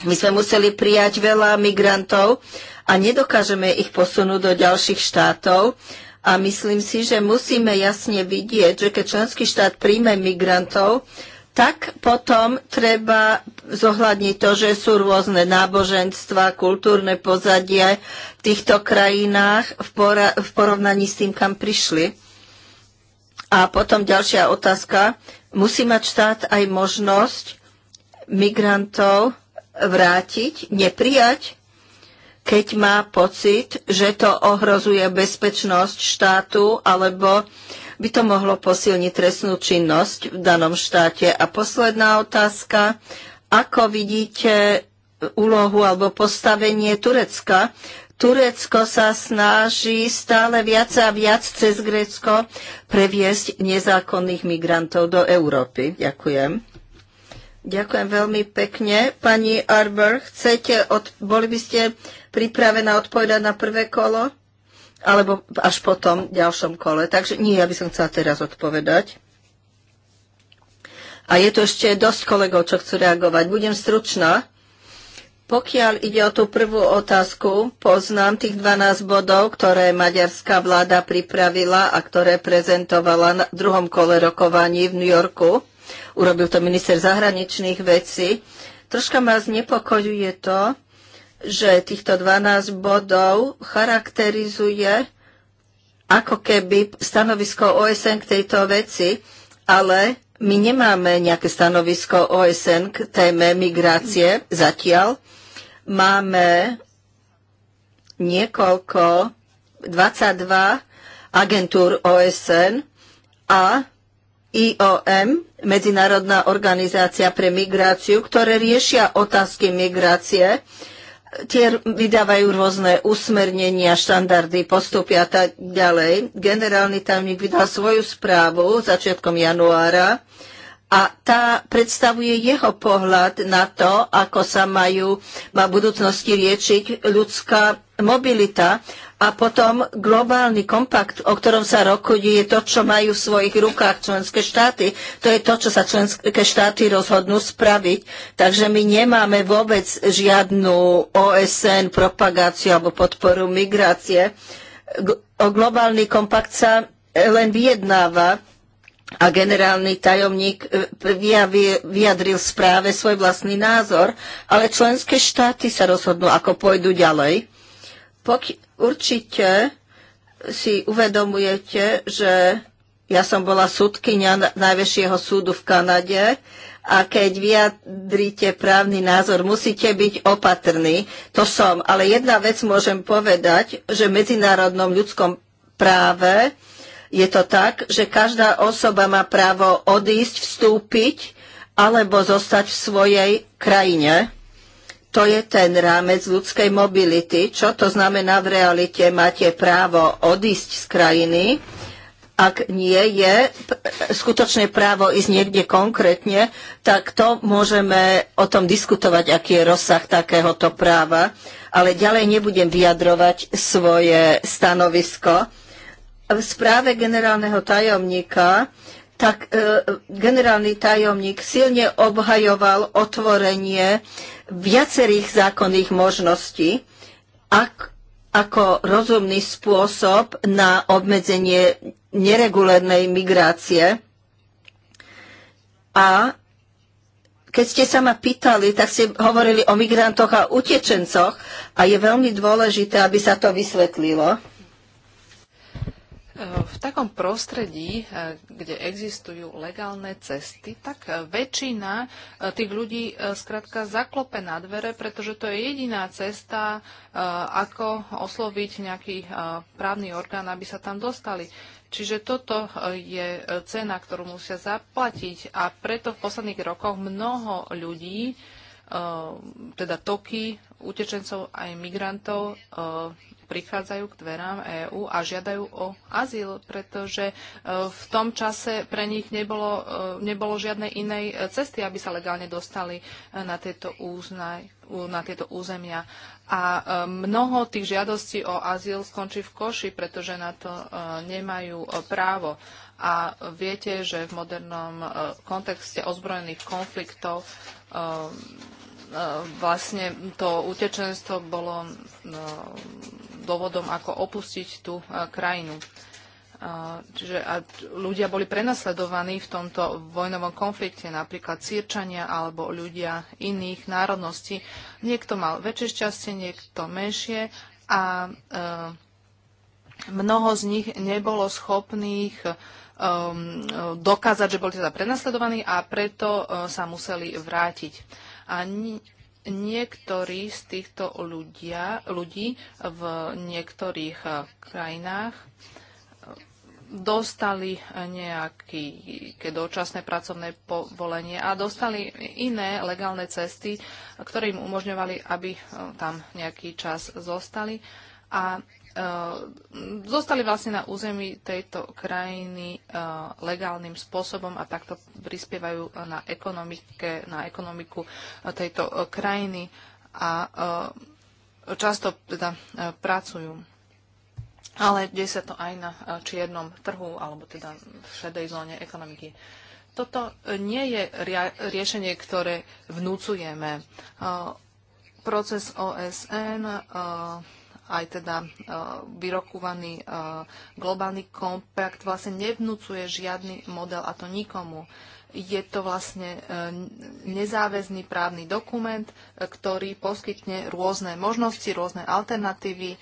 S1: My sme museli prijať veľa migrantov a nedokážeme ich posunúť do ďalších štátov. A myslím si, že musíme jasne vidieť, že keď členský štát príjme migrantov, tak potom treba zohľadniť to, že sú rôzne náboženstva, kultúrne pozadie v týchto krajinách v, porovnaní s tým, kam prišli. A potom ďalšia otázka. Musí mať štát aj možnosť migrantov vrátiť, neprijať, keď má pocit, že to ohrozuje bezpečnosť štátu alebo by to mohlo posilniť trestnú činnosť v danom štáte. A posledná otázka. Ako vidíte úlohu alebo postavenie Turecka Turecko sa snaží stále viac a viac cez Grécko previesť nezákonných migrantov do Európy. Ďakujem. Ďakujem veľmi pekne. Pani Arber, chcete, od, boli by ste pripravená odpovedať na prvé kolo? Alebo až potom, v ďalšom kole. Takže nie, ja by som chcela teraz odpovedať. A je tu ešte dosť kolegov, čo chcú reagovať. Budem stručná. Pokiaľ ide o tú prvú otázku, poznám tých 12 bodov, ktoré maďarská vláda pripravila a ktoré prezentovala na druhom kole rokovaní v New Yorku. Urobil to minister zahraničných vecí. Troška ma znepokojuje to, že týchto 12 bodov charakterizuje ako keby stanovisko OSN k tejto veci, ale my nemáme nejaké stanovisko OSN k téme migrácie zatiaľ. Máme niekoľko, 22 agentúr OSN a IOM, Medzinárodná organizácia pre migráciu, ktoré riešia otázky migrácie tie vydávajú rôzne usmernenia, štandardy, postupy a tak ďalej. Generálny tajomník vydal svoju správu začiatkom januára a tá predstavuje jeho pohľad na to, ako sa majú, má v budúcnosti riešiť ľudská mobilita a potom globálny kompakt, o ktorom sa rokuje, je to, čo majú v svojich rukách členské štáty. To je to, čo sa členské štáty rozhodnú spraviť. Takže my nemáme vôbec žiadnu OSN propagáciu alebo podporu migrácie. O globálny kompakt sa len vyjednáva a generálny tajomník e, vyjadril správe svoj vlastný názor, ale členské štáty sa rozhodnú, ako pôjdu ďalej. Pokiaľ Určite si uvedomujete, že ja som bola súdkynia Najvyššieho súdu v Kanade a keď vyjadrite právny názor, musíte byť opatrní. To som. Ale jedna vec môžem povedať, že v medzinárodnom ľudskom práve je to tak, že každá osoba má právo odísť, vstúpiť alebo zostať v svojej krajine to je ten rámec ľudskej mobility. Čo to znamená v realite? Máte právo odísť z krajiny, ak nie je skutočné právo ísť niekde konkrétne, tak to môžeme o tom diskutovať, aký je rozsah takéhoto práva. Ale ďalej nebudem vyjadrovať svoje stanovisko. V správe generálneho tajomníka tak e, generálny tajomník silne obhajoval otvorenie viacerých zákonných možností ak, ako rozumný spôsob na obmedzenie neregulérnej migrácie. A keď ste sa ma pýtali, tak ste hovorili o migrantoch a utečencoch a je veľmi dôležité, aby sa to vysvetlilo.
S3: V takom prostredí, eh, kde existujú legálne cesty, tak eh, väčšina eh, tých ľudí skrátka zaklope na dvere, pretože to je jediná cesta, ako osloviť nejaký právny orgán, aby sa tam dostali. Čiže toto je cena, ktorú musia zaplatiť a preto v posledných rokoch mnoho ľudí, teda toky utečencov aj migrantov prichádzajú k dverám EÚ a žiadajú o azyl, pretože e, v tom čase pre nich nebolo, e, nebolo žiadnej inej cesty, aby sa legálne dostali e, na tieto, úznaj, na tieto územia. A mnoho tých žiadostí o azyl skončí v koši, pretože na to nemajú právo. A viete, že v modernom kontexte ozbrojených konfliktov vlastne to utečenstvo bolo no, dôvodom, ako opustiť tú e, krajinu. E, čiže a ľudia boli prenasledovaní v tomto vojnovom konflikte, napríklad sírčania alebo ľudia iných národností. Niekto mal väčšie šťastie, niekto menšie a e, mnoho z nich nebolo schopných e, um, dokázať, že boli teda prenasledovaní a preto e, sa museli vrátiť. A ni- niektorí z týchto ľudia, ľudí v niektorých eh, krajinách eh, dostali nejaké dočasné pracovné povolenie a dostali iné legálne cesty, ktoré im umožňovali, aby eh, tam nejaký čas zostali. A Eh, zostali vlastne na území tejto krajiny eh, legálnym spôsobom a takto prispievajú eh, na, ekonomike, na ekonomiku tejto krajiny a často teda pracujú. Ale deje sa to aj na čiernom trhu alebo teda v šedej zóne ekonomiky. Toto nie je riešenie, ktoré vnúcujeme. Proces OSN aj teda e, vyrokovaný e, globálny kompakt vlastne nevnúcuje žiadny model a to nikomu. Je to vlastne e, nezáväzný právny dokument, ktorý poskytne rôzne možnosti, rôzne alternatívy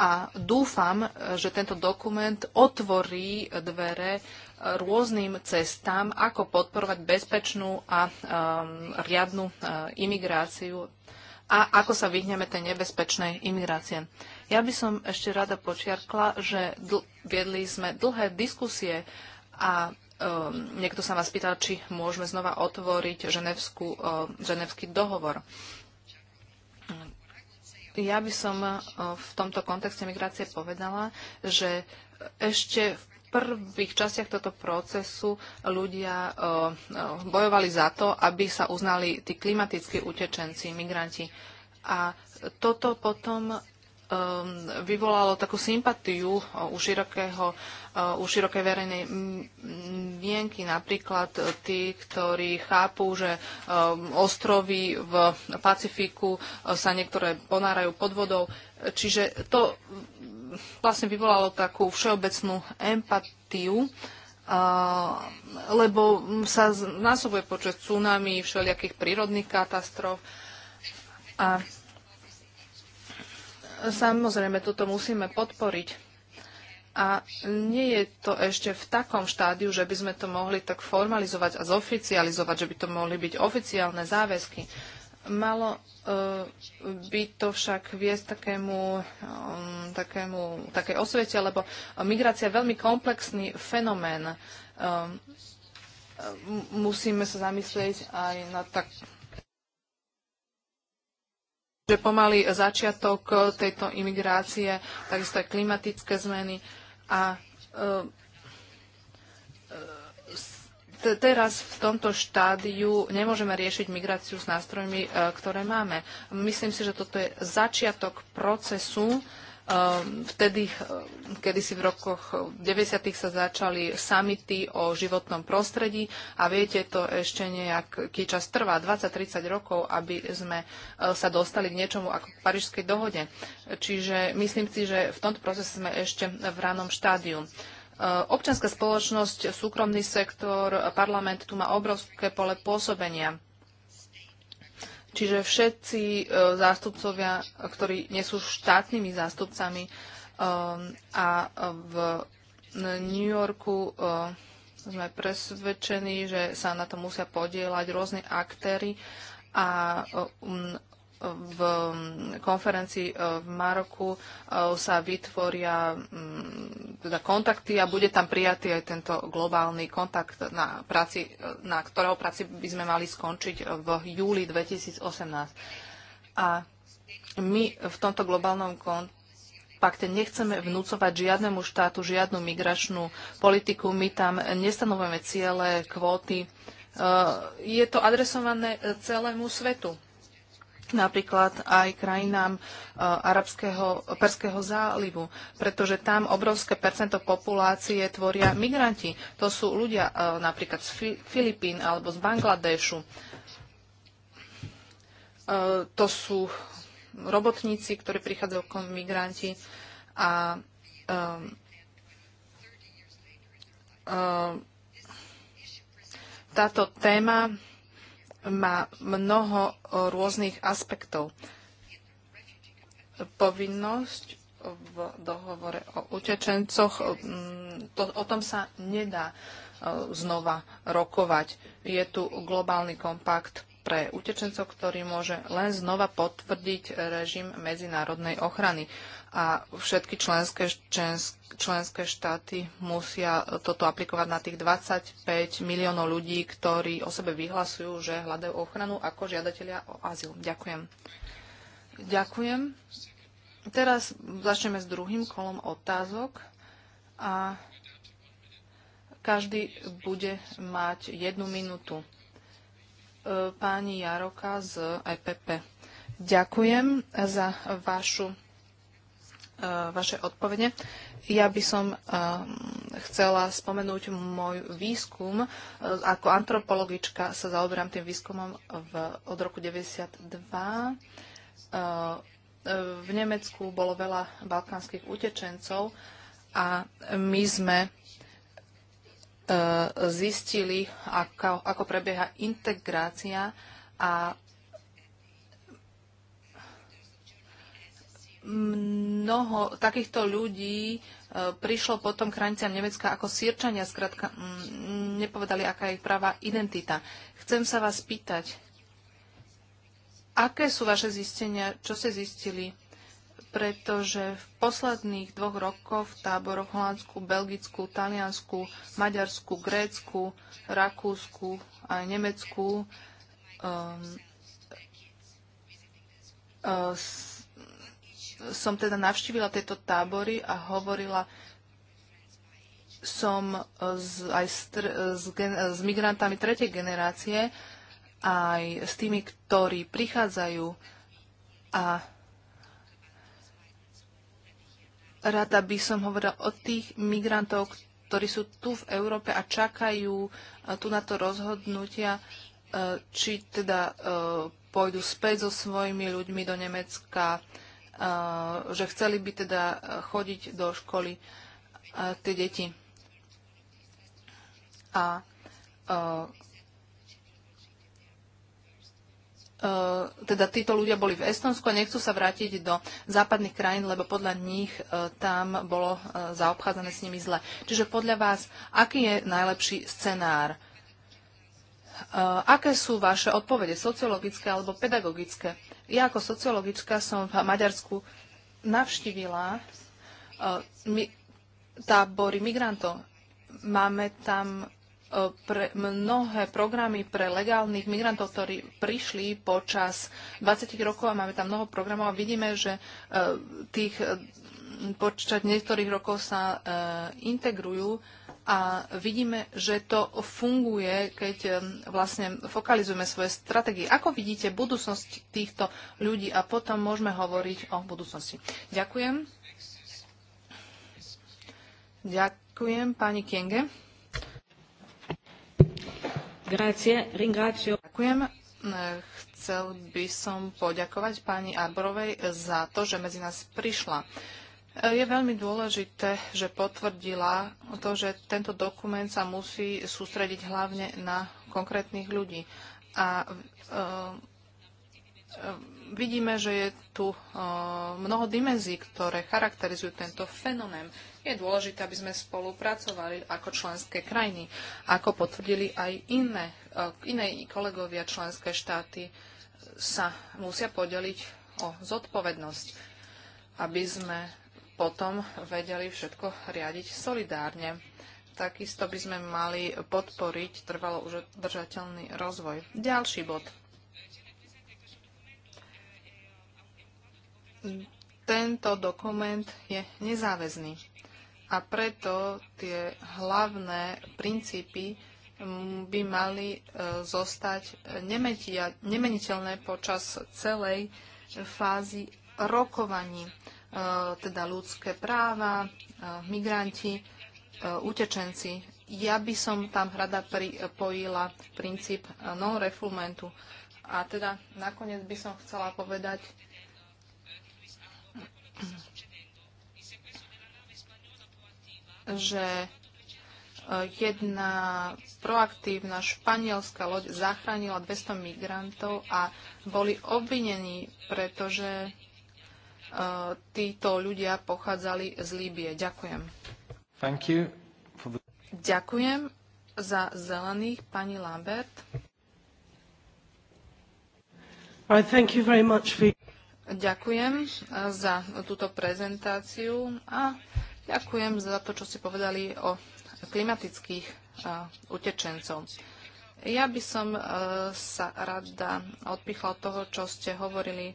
S3: a dúfam, že tento dokument otvorí dvere rôznym cestám, ako podporovať bezpečnú a riadnu imigráciu a ako sa vyhneme tej nebezpečnej imigrácie. Ja by som ešte rada počiarkla, že viedli sme dlhé diskusie a um, niekto sa ma spýtal, či môžeme znova otvoriť ženevskú, uh, ženevský dohovor. Ja by som uh, v tomto kontexte migrácie povedala, že ešte v prvých častiach tohto procesu ľudia eh, eh, bojovali za to, aby sa uznali tí klimatickí utečenci, migranti. A toto potom ehm, vyvolalo takú sympatiu eh, u, širokého, u širokej verejnej mienky. Napríklad tí, ktorí chápu, že ehm, ostrovy v Pacifiku sa niektoré ponárajú pod vodou. Čiže to vlastne vyvolalo takú všeobecnú empatiu, a, lebo sa násobuje počet tsunami, všelijakých prírodných katastrof a samozrejme toto musíme podporiť. A nie je to ešte v takom štádiu, že by sme to mohli tak formalizovať a zoficializovať, že by to mohli byť oficiálne záväzky. Malo eh, by to však viesť takému, mm, takému, také osvete, lebo migrácia je veľmi komplexný fenomén. Eh, musíme sa zamyslieť aj na tak že pomaly začiatok tejto imigrácie, takisto aj klimatické zmeny a eh, teraz v tomto štádiu nemôžeme riešiť migráciu s nástrojmi, e, ktoré máme. Myslím si, že toto je začiatok procesu, e, Vtedy, e, kedy si v rokoch 90. sa začali samity o životnom prostredí a viete, to ešte nejaký čas trvá, 20-30 rokov, aby sme sa dostali k niečomu ako k Parížskej dohode. Čiže myslím si, že v tomto procese sme ešte v ránom štádiu. E, Občianska spoločnosť, súkromný sektor, parlament tu má obrovské pole pôsobenia. Čiže všetci e, zástupcovia, ktorí nie sú štátnymi zástupcami e, a v New Yorku sme presvedčení, že sa na to musia podielať rôzne aktéry a v mm, konferencii e, v Maroku e, sa vytvoria mm, teda kontakty a bude tam prijatý aj tento globálny kontakt, na, práci, e, na ktorého práci by sme mali skončiť v júli 2018. A my v tomto globálnom kontakte pakte nechceme vnúcovať žiadnemu štátu žiadnu migračnú politiku. My tam nestanovujeme ciele, kvóty. Je to adresované celému svetu napríklad aj krajinám e, arabského, perského zálivu, pretože tam obrovské percento populácie tvoria migranti. To sú ľudia e, napríklad z Filipín alebo z Bangladešu. E, to sú robotníci, ktorí prichádzajú ako migranti a táto téma má mnoho rôznych aspektov. Povinnosť v dohovore o utečencoch, mm, to, o tom sa nedá e, znova rokovať. Je tu globálny kompakt pre utečencov, ktorý môže len znova potvrdiť režim medzinárodnej ochrany. A všetky členské, členské štáty musia toto aplikovať na tých 25 miliónov ľudí, ktorí o sebe vyhlasujú, že hľadajú ochranu ako žiadatelia o azyl. Ďakujem. Ďakujem. Teraz začneme s druhým kolom otázok a každý bude mať jednu minútu páni Jaroka z EPP. Ďakujem za vašu, e, vaše odpovede. Ja by som e, chcela spomenúť môj výskum. E, ako antropologička sa zaoberám tým výskumom v, od roku 1992. V Nemecku bolo veľa balkánskych utečencov a my sme E, zistili, ako, ako prebieha integrácia a mnoho takýchto ľudí e, prišlo potom k hraniciam Nemecka ako sírčania, zkrátka nepovedali, aká je ich práva identita. Chcem sa vás pýtať, aké sú vaše zistenia, čo ste zistili pretože v posledných dvoch rokoch v táboroch v Holandsku, Belgicku, Taliansku, Maďarsku, Grécku, Rakúsku a Nemecku um, som teda navštívila tieto tábory a hovorila som s, eh, aj s, eh, s, s migrantami tretej generácie, aj s tými, ktorí prichádzajú a Rada by som hovorila o tých migrantov, ktorí sú tu v Európe a čakajú e, tu na to rozhodnutia, e, či teda e, pôjdu späť so svojimi ľuďmi do Nemecka, že chceli by teda chodiť do školy tie deti. A Eh, teda títo ľudia boli v Estonsku a nechcú sa vrátiť do západných krajín, lebo podľa nich eh, tam bolo eh, zaobchádzané s nimi zle. Čiže podľa vás, aký je najlepší scenár? Aké sú vaše odpovede, sociologické alebo pedagogické? Ja ako sociologička som v Maďarsku navštívila tábory migrantov. Máme tam pre mnohé programy pre legálnych migrantov, ktorí prišli počas 20 rokov a máme tam mnoho programov a vidíme, že e, tých e, počas niektorých rokov sa e, integrujú a vidíme, že to funguje, keď vlastne fokalizujeme svoje stratégie. Ako vidíte budúcnosť týchto ľudí a potom môžeme hovoriť o budúcnosti. Ďakujem. Ďakujem pani Kienge. Ďakujem. Chcel by som poďakovať pani Arborovej za to, že medzi nás prišla. Je veľmi dôležité, že potvrdila to, že tento dokument sa musí sústrediť hlavne na konkrétnych ľudí. A e, e, vidíme, že je tu e, mnoho dimenzií, ktoré charakterizujú tento fenomén je dôležité, aby sme spolupracovali ako členské krajiny, ako potvrdili aj iné, e, iné kolegovia členské štáty sa musia podeliť o zodpovednosť, aby sme potom vedeli všetko riadiť solidárne. Takisto by sme mali podporiť trvalo udržateľný rozvoj. Ďalší bod. Tento dokument je nezáväzný. A preto tie hlavné princípy mm, by mali e, zostať e, nemeniteľné počas celej fázy rokovaní, e, teda ľudské práva, migranti, utečenci. Ja by som tam rada pripojila princíp non-refulmentu. A teda nakoniec by som chcela povedať, že e, jedna proaktívna španielská loď zachránila 200 migrantov a boli obvinení, pretože e, títo ľudia pochádzali z Líbie. Ďakujem.
S1: The...
S3: Ďakujem za zelených, pani Lambert.
S1: Right, for...
S3: Ďakujem e, za túto prezentáciu a Ďakujem za to, čo ste povedali o klimatických utečencov. Ja by som e, sa rada odpichla od toho, čo ste hovorili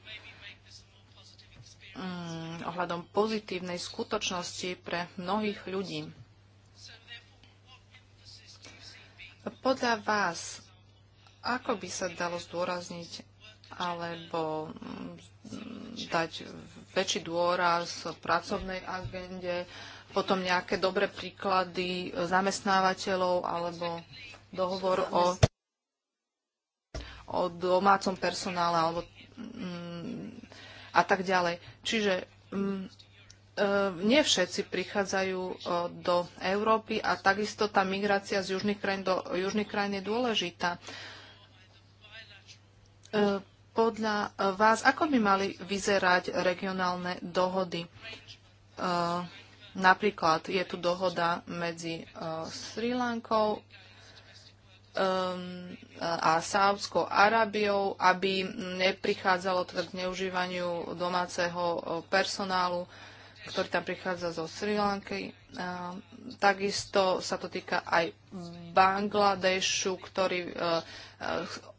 S3: mm, ohľadom pozitívnej skutočnosti pre mnohých ľudí. Podľa vás, ako by sa dalo zdôrazniť alebo mm, dať väčší dôraz v pracovnej agende, potom nejaké dobré príklady zamestnávateľov alebo dohovor o, o domácom personále alebo, mm, a tak ďalej. Čiže mm, e, nie všetci prichádzajú e, do Európy a takisto tá migrácia z južných krajín do južných krajín je dôležitá. E, podľa eh, vás, ako by mali vyzerať regionálne dohody? Eh, napríklad je tu dohoda medzi eh, Sri Lankou ehm, a Sávskou Arábiou, aby neprichádzalo teda k neužívaniu domáceho personálu, ktorý tam prichádza zo Sri Lanky. Ehm, takisto sa to týka aj Bangladešu, ktorý Eh,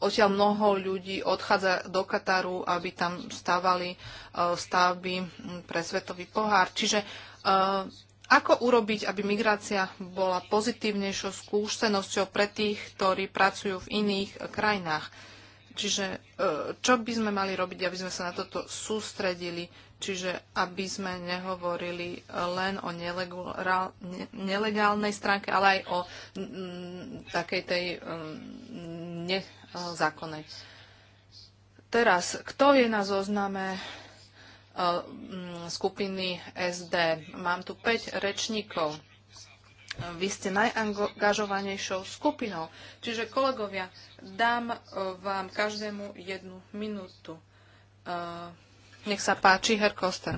S3: odtiaľ mnoho ľudí odchádza do Kataru, aby tam stávali eh, stavby hm, pre svetový pohár. Čiže eh, ako urobiť, aby migrácia bola pozitívnejšou skúsenosťou pre tých, ktorí pracujú v iných krajinách? Čiže čo by sme mali robiť, aby sme sa na toto sústredili? Čiže aby sme nehovorili len o nelegálnej stránke, ale aj o hm, hm, takej tej nezákonnej. Teraz, kto je na zozname eh, mm, skupiny SD? Mám tu 5 rečníkov. Vy ste najangažovanejšou skupinou. Čiže, kolegovia, dám eh, vám každému jednu minútu. Eh, nech sa páči, Herr Koster.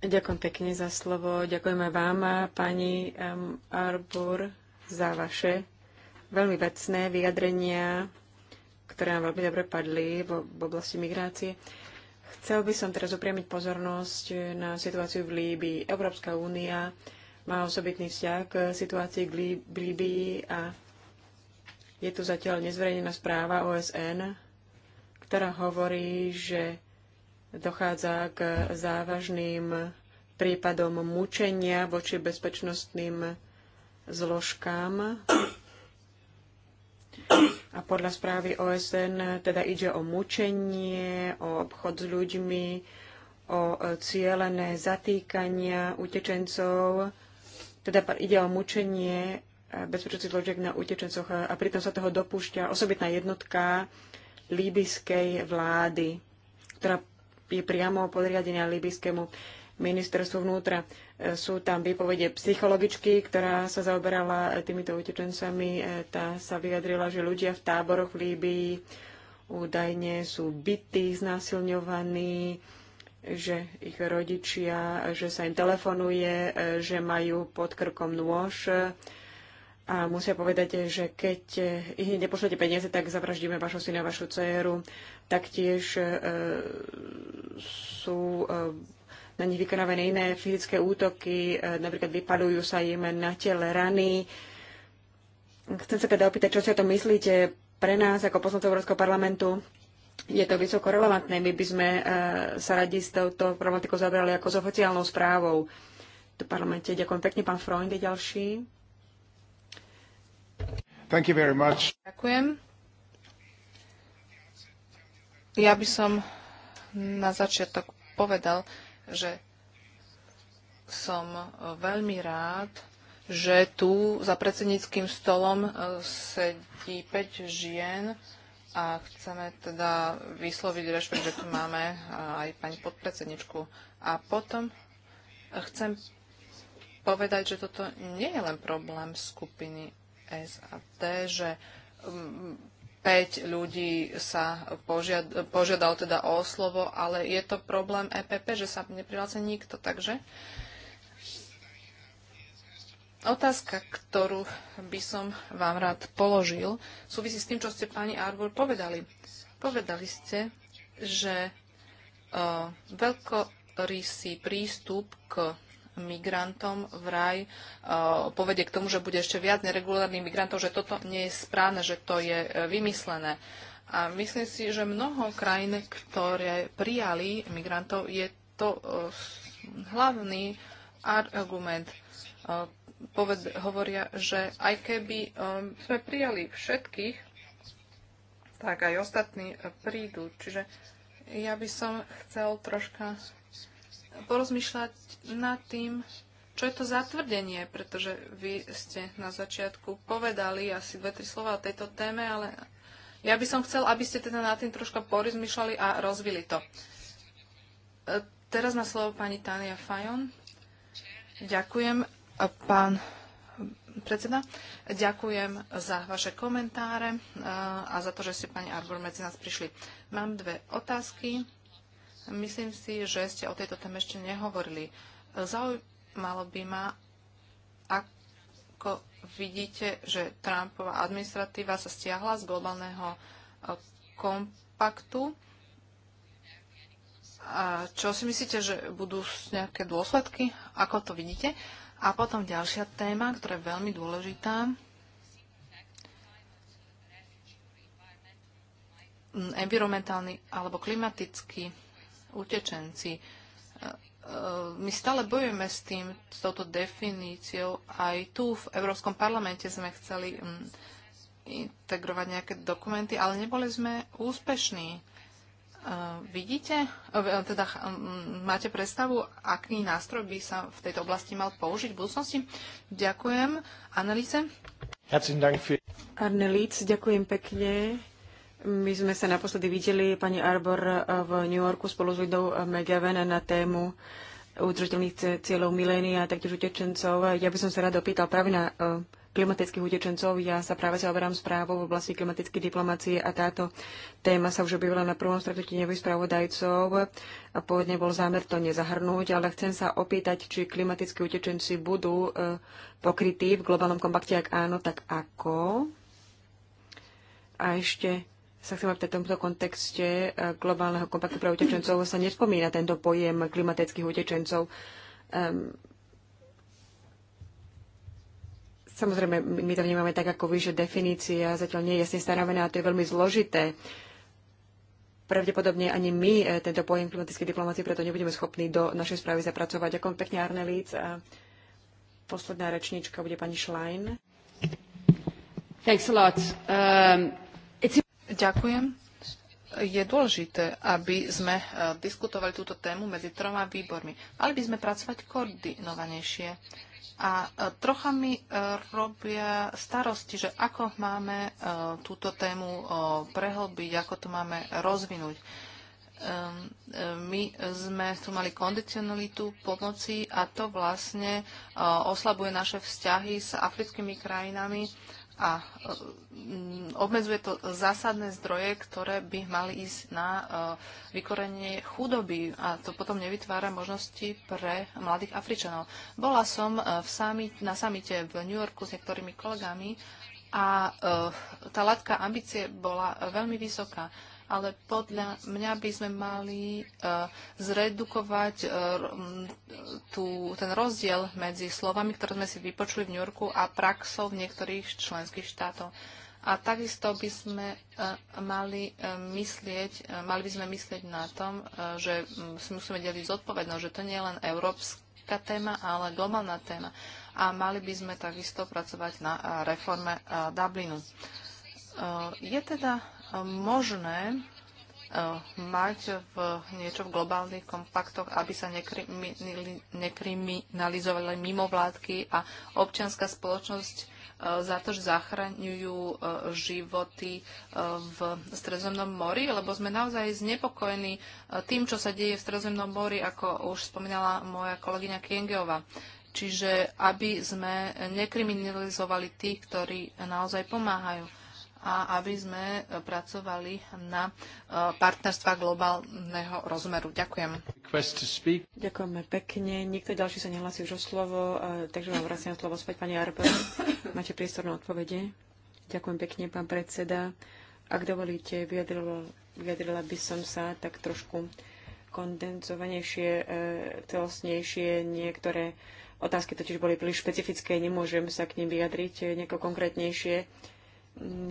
S3: Ďakujem
S2: pekne za slovo. Ďakujeme vám, pani Arbur, za vaše veľmi vecné vyjadrenia, ktoré nám veľmi dobre padli v oblasti migrácie. Chcel by som teraz upriamiť pozornosť na situáciu v Líbii. Európska únia má osobitný vzťah k situácii v Líbii a je tu zatiaľ nezverejnená správa OSN, ktorá hovorí, že dochádza k závažným prípadom mučenia voči bezpečnostným zložkám a podľa správy OSN teda ide o mučenie, o obchod s ľuďmi, o e, cielené zatýkania utečencov, teda ide o mučenie e, bezpečnosti zložiek na utečencoch e, a pritom sa toho dopúšťa osobitná jednotka líbyskej vlády, ktorá je priamo podriadená líbyskému ministerstvu vnútra. Sú tam výpovede psychologičky, ktorá sa zaoberala týmito utečencami. E, tá sa vyjadrila, že ľudia v táboroch v Líbii údajne sú bytí, znásilňovaní, že ich rodičia, že sa im telefonuje, e, že majú pod krkom nôž a musia povedať, že keď ich nepošlete peniaze, tak zavraždíme vašu syna, vašu dceru. Taktiež e, sú e, na nich vykonávané iné fyzické útoky, e, napríklad vypadujú sa im na tele rany. Chcem sa teda opýtať, čo si o tom myslíte pre nás ako poslancov Európskeho parlamentu. Je to vysoko relevantné, my by sme e, sa radi s touto problematikou zabrali ako s oficiálnou správou tu parlamente. Ďakujem pekne, pán Freund je ďalší.
S1: Thank you very much.
S3: Ďakujem. Ja by som na začiatok povedal, že som veľmi rád, že tu za predsedníckým stolom e, sedí 5 žien a chceme teda vysloviť rešpekt, že tu máme e, aj pani podpredsedničku. A potom chcem povedať, že toto nie je len problém skupiny SAT, že 5 ľudí sa požiad, požiadal teda o slovo, ale je to problém EPP, že sa neprihlásil nikto, takže otázka, ktorú by som vám rád položil, súvisí s tým, čo ste pani Arbor povedali. Povedali ste, že uh, veľkorysý prístup k migrantom vraj e, povedie k tomu, že bude ešte viac neregulárnych migrantov, že toto nie je správne, že to je e, vymyslené. A myslím si, že mnoho krajín, ktoré prijali migrantov, je to e, hlavný argument poved, hovoria, že aj keby sme prijali všetkých, tak aj ostatní prídu. Čiže ja by som chcel troška porozmýšľať nad tým, čo je to za tvrdenie, pretože vy ste na začiatku povedali asi dve, tri slova o tejto téme, ale ja by som chcel, aby ste teda nad tým troška porozmýšľali a rozvili to. E, teraz má slovo pani Tania Fajon. Ďakujem, e, pán predseda. Ďakujem za vaše komentáre e, a za to, že ste, pani Arbor, medzi nás prišli. Mám dve otázky. Myslím si, že ste o tejto téme ešte nehovorili. Zaujímalo by ma, ako vidíte, že Trumpova administratíva sa stiahla z globálneho e, kompaktu. A čo si myslíte, že budú nejaké dôsledky? Ako to vidíte? A potom ďalšia téma, ktorá je veľmi dôležitá. Environmentálny alebo klimatický utečenci. E, e, my stále bojujeme s tým, s touto definíciou. Aj tu v Európskom parlamente sme chceli mm, integrovať nejaké dokumenty, ale neboli sme úspešní. E, vidíte, teda máte predstavu, aký nástroj by sa v tejto oblasti mal použiť v budúcnosti? Ďakujem. Annelise. Arnelíc, ďakujem pekne my sme sa naposledy videli, pani
S2: Arbor, v New Yorku spolu s Lidou Megaven na tému udržateľných cieľov milénia a taktiež utečencov. Ja by som sa rád opýtal práve na e, klimatických utečencov. Ja sa práve zaoberám správou v oblasti klimatickej diplomácie a táto téma sa už objavila na prvom stretnutí nových spravodajcov. A pôvodne bol zámer to nezahrnúť, ale chcem sa opýtať, či klimatickí utečenci budú e, pokrytí v globálnom kompakte. Ak áno, tak ako? A ešte sa chcem opýtať v tomto kontexte e, globálneho kompaktu pre utečencov sa nespomína tento pojem klimatických utečencov. Um, samozrejme, my to vnímame tak ako vy, že definícia zatiaľ nie je jasne stanovená a to je veľmi zložité. Pravdepodobne ani my e, tento pojem klimatickej diplomácie preto nebudeme schopní do našej správy zapracovať. Ďakujem pekne, Arne Líc. A posledná rečníčka bude pani Schlein.
S3: Thanks a lot. Um, it's... Ďakujem. Je dôležité, aby sme e, diskutovali túto tému medzi troma výbormi. Mali by sme pracovať koordinovanejšie. A e, trocha mi e, robia starosti, že ako máme túto tému prehlbiť, ako to máme rozvinúť. My sme tu mali kondicionalitu pomoci a to vlastne oslabuje naše vzťahy s africkými krajinami a mm, obmedzuje to zásadné zdroje, ktoré by mali ísť na e, vykorenie chudoby a to potom nevytvára možnosti pre mladých Afričanov. Bola som e, v summit, na samite v New Yorku s niektorými kolegami a e, tá latka ambície bola veľmi vysoká ale podľa mňa by sme mali uh, zredukovať uh, tú, ten rozdiel medzi slovami, ktoré sme si vypočuli v New Yorku a praxou v niektorých členských štátoch. A takisto by sme uh, mali myslieť, mali by sme myslieť na tom, že mm, si musíme deliť zodpovednosť, že to nie je len európska téma, ale globálna téma. A mali by sme takisto pracovať na reforme Dublinu. Je teda možné e, mať v niečo v globálnych kompaktoch, aby sa nekriminalizovali mimovládky a občianská spoločnosť e, za to, že zachraňujú e, životy v Stredozemnom mori, lebo sme naozaj znepokojení tým, čo sa deje v Stredozemnom mori, ako už spomínala moja kolegyňa Kiengeová. Čiže aby sme nekriminalizovali tých, ktorí naozaj pomáhajú a aby sme e, pracovali na e, partnerstva globálneho rozmeru. Ďakujem. Ďakujeme pekne. Nikto ďalší sa
S2: nehlasí už o slovo, e, takže vám vraciam slovo späť, pani Arpe. Máte priestor na odpovede. Ďakujem pekne, pán predseda. Ak dovolíte, vyjadrila, vyjadrila by som sa tak trošku kondenzovanejšie, celosnejšie. Niektoré otázky totiž boli príliš špecifické, nemôžem sa k nim vyjadriť nejako konkrétnejšie.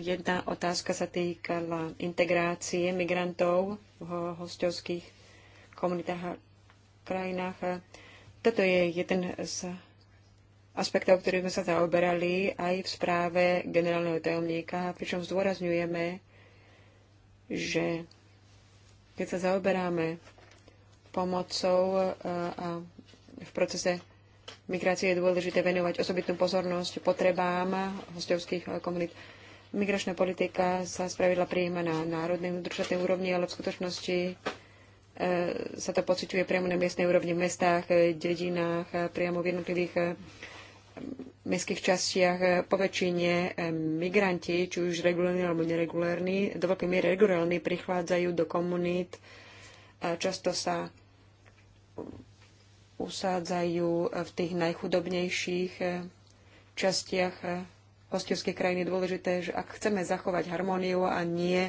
S2: Jedna otázka sa týkala integrácie migrantov v hostovských komunitách a krajinách. Toto je jeden z aspektov, ktorým sme sa zaoberali aj v správe generálneho tajomníka, pričom zdôrazňujeme, že keď sa zaoberáme pomocou e, a v procese migrácie je dôležité venovať osobitnú pozornosť potrebám hostovských komunít. Migračná politika sa spravidla prijíma na národnej vnútroštátnej úrovni, ale v skutočnosti e, sa to pociťuje priamo na miestnej úrovni v mestách, e, dedinách, e, priamo v jednotlivých mestských častiach po väčšine migranti, či už regulárni alebo neregulárni, do veľkej miery regulárni prichádzajú do komunít, často sa usádzajú v tých najchudobnejších častiach hostovské krajiny dôležité, že ak chceme zachovať harmóniu a nie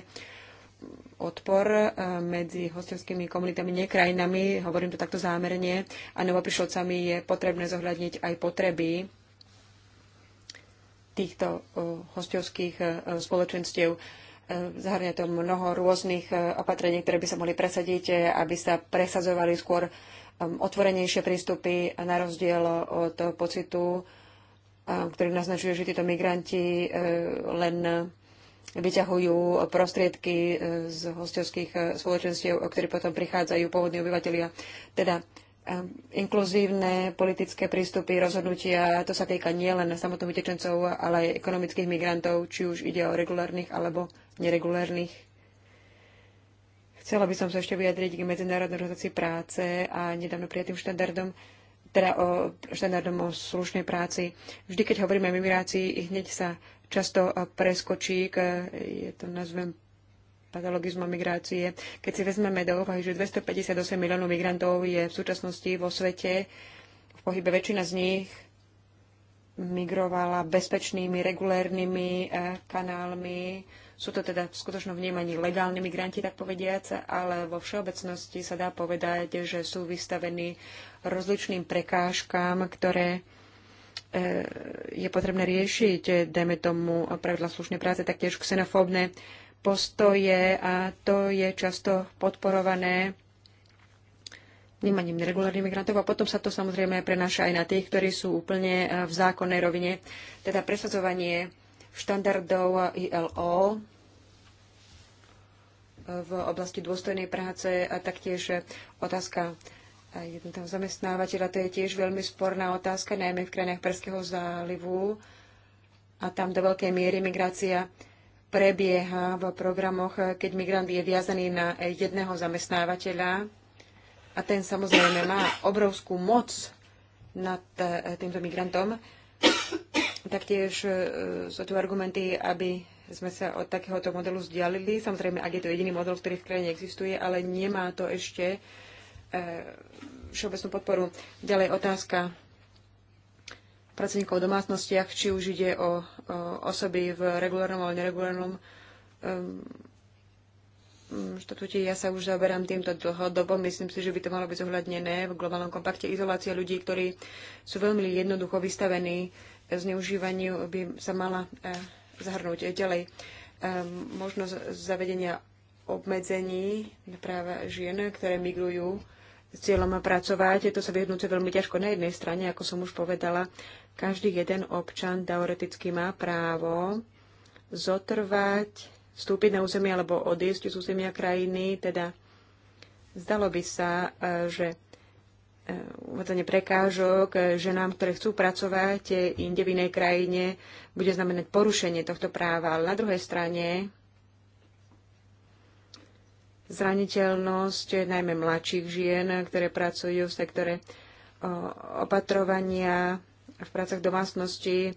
S2: odpor eh, medzi hostovskými komunitami, nie krajinami, hovorím to takto zámerne, a novoprišlovcami je potrebné zohľadniť aj potreby týchto eh, hostovských eh, spoločenstiev. Zahrňa to mnoho rôznych opatrení, ktoré by sa mohli presadiť, aby sa presadzovali skôr otvorenejšie prístupy na rozdiel od pocitu ktorý naznačuje, že títo migranti e, len e, vyťahujú prostriedky e, z hostovských spoločenstiev, o ktoré potom prichádzajú pôvodní obyvatelia. Teda inkluzívne politické prístupy, rozhodnutia, to sa týka nielen samotných utečencov, ale aj ekonomických migrantov, či už ide o regulárnych alebo neregulárnych. Chcela by som sa ešte vyjadriť k medzinárodnej organizácii práce a nedávno prijatým štandardom teda o štandardom o slušnej práci. Vždy, keď hovoríme o migrácii, hneď sa často preskočí, k, je to nazvem patologizmu migrácie. Keď si vezmeme do úvahy, že 258 miliónov migrantov je v súčasnosti vo svete, v pohybe väčšina z nich migrovala bezpečnými, regulérnymi eh, kanálmi, sú to teda v skutočnom vnímaní legálni migranti, tak povediac, ale vo všeobecnosti sa dá povedať, že sú vystavení rozličným prekážkám, ktoré e, je potrebné riešiť, dajme tomu pravidla slušnej práce, taktiež xenofóbne postoje a to je často podporované vnímaním neregulárnych migrantov a potom sa to samozrejme prenáša aj na tých, ktorí sú úplne e, v zákonnej rovine. Teda presadzovanie štandardov ILO v oblasti dôstojnej práce a taktiež otázka jednotného zamestnávateľa. To je tiež veľmi sporná otázka, najmä v krajinách Perského zálivu. A tam do veľkej miery migrácia prebieha v programoch, keď migrant je viazaný na jedného zamestnávateľa a ten samozrejme má obrovskú moc nad eh, týmto migrantom. Taktiež e, sú tu argumenty, aby sme sa od takéhoto modelu vzdialili. Samozrejme, ak je to jediný model, ktorý v krajine existuje, ale nemá to ešte e, všeobecnú podporu. Ďalej otázka pracovníkov v domácnostiach, či už ide o, o osoby v regulárnom alebo neregulárnom ehm, štatúte. Ja sa už zaoberám týmto dlhodobo. Myslím si, že by to malo byť zohľadnené v globálnom kompakte. Izolácia ľudí, ktorí sú veľmi jednoducho vystavení zneužívaniu by sa mala e, zahrnúť ďalej. E, možnosť zavedenia obmedzení na práva žien, ktoré migrujú s cieľom pracovať. Je to sa vyhnúce veľmi ťažko. Na jednej strane, ako som už povedala, každý jeden občan teoreticky má právo zotrvať, vstúpiť na územie alebo odísť z územia krajiny. Teda zdalo by sa, e, že E, uvádzanie prekážok e, ženám, ktoré chcú pracovať e, inde v inej krajine, bude znamenať porušenie tohto práva. Ale na druhej strane zraniteľnosť najmä mladších žien, ktoré pracujú v sektore opatrovania, v prácach domácnosti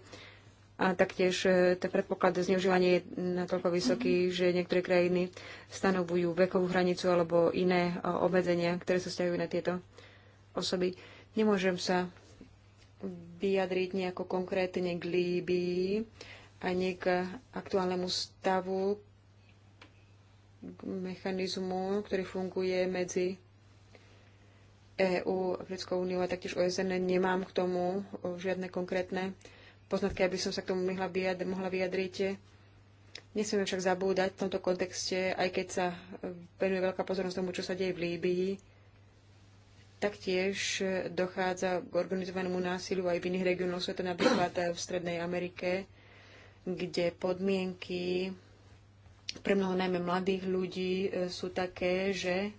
S2: a taktiež ten predpoklad zneužívanie je natoľko vysoký, mhm. že niektoré krajiny stanovujú vekovú hranicu alebo iné obmedzenia, ktoré sa stiahujú na tieto osoby. Nemôžem sa vyjadriť nejako konkrétne k Líbii ani k aktuálnemu stavu, k mechanizmu, ktorý funguje medzi EÚ, Africkou úniou a taktiež OSN. Nemám k tomu žiadne konkrétne poznatky, aby som sa k tomu mohla, vyjadri- mohla vyjadriť. Nesmieme však zabúdať v tomto kontexte, aj keď sa venuje veľká pozornosť tomu, čo sa deje v Líbii, Taktiež e, dochádza k organizovanému násiliu aj v iných regiónoch sveta, napríklad e, v Strednej Amerike, kde podmienky pre mnoho najmä mladých ľudí e, sú také, že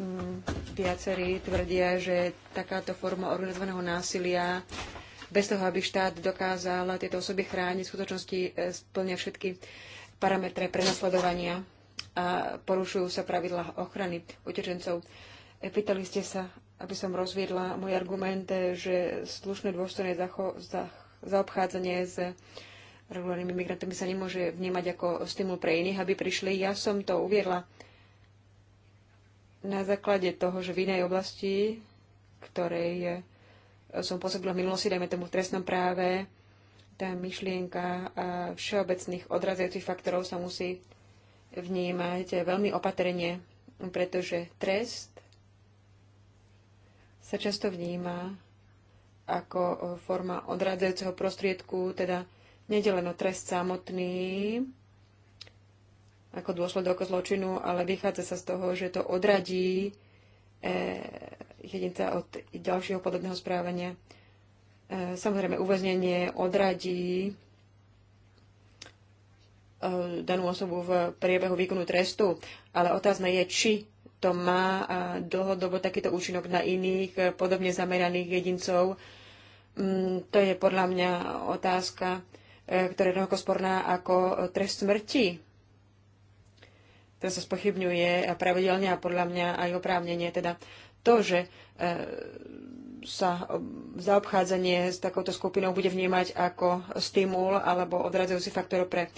S2: mm, viacerí tvrdia, že takáto forma organizovaného násilia bez toho, aby štát dokázal tieto osoby chrániť, v skutočnosti splňa všetky parametre prenasledovania a porušujú sa pravidlá ochrany utečencov. Pýtali ste sa, aby som rozviedla môj argument, že slušné dôstojné zaobchádzanie s regulárnymi migrantami sa nemôže vnímať ako stimul pre iných, aby prišli. Ja som to uviedla na základe toho, že v inej oblasti, ktorej som pôsobila v minulosti, dajme tomu v trestnom práve, tá myšlienka všeobecných odrazujúcich faktorov sa musí vnímať veľmi opatrne, pretože trest sa často vníma ako forma odradzajúceho prostriedku, teda nedeleno trest samotný ako dôsledok zločinu, ale vychádza sa z toho, že to odradí eh, jedinca od ďalšieho podobného správania. Eh, samozrejme, uväznenie odradí Eh, danú osobu v priebehu výkonu trestu. Ale otázne je, či to má eh, dlhodobo takýto účinok na iných eh, podobne zameraných jedincov. Mm, to je podľa mňa otázka, ktorá je rovnako sporná ako trest smrti. To sa spochybňuje pravidelne a podľa mňa aj oprávnenie. Teda to, že sa zaobchádzanie s takouto skupinou bude vnímať ako stimul alebo odradzajúci faktor pre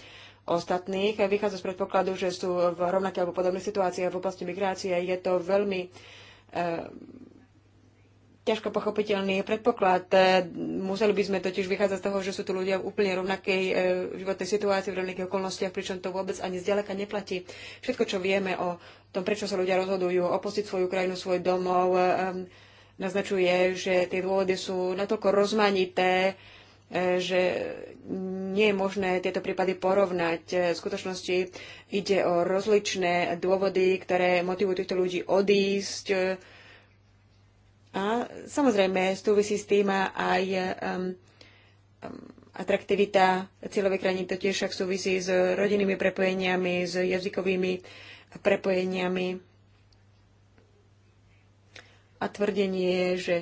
S2: ostatných. Vychádza z predpokladu, že sú v rovnaké alebo podobnej situácii v oblasti migrácie. Je to veľmi e, ťažko pochopiteľný predpoklad. Museli by sme totiž vychádzať z toho, že sú tu ľudia v úplne rovnakej e, životnej situácii, v rovnakých okolnostiach, pričom to vôbec ani zďaleka neplatí. Všetko, čo vieme o tom, prečo sa ľudia rozhodujú opustiť svoju krajinu, svoj domov, e, naznačuje, že tie dôvody sú natoľko rozmanité, že nie je možné tieto prípady porovnať. V skutočnosti ide o rozličné dôvody, ktoré motivujú týchto ľudí odísť. A samozrejme súvisí s tým aj um, um, atraktivita cieľovej krajiny, to tiež však súvisí s rodinnými prepojeniami, s jazykovými prepojeniami. A tvrdenie je, že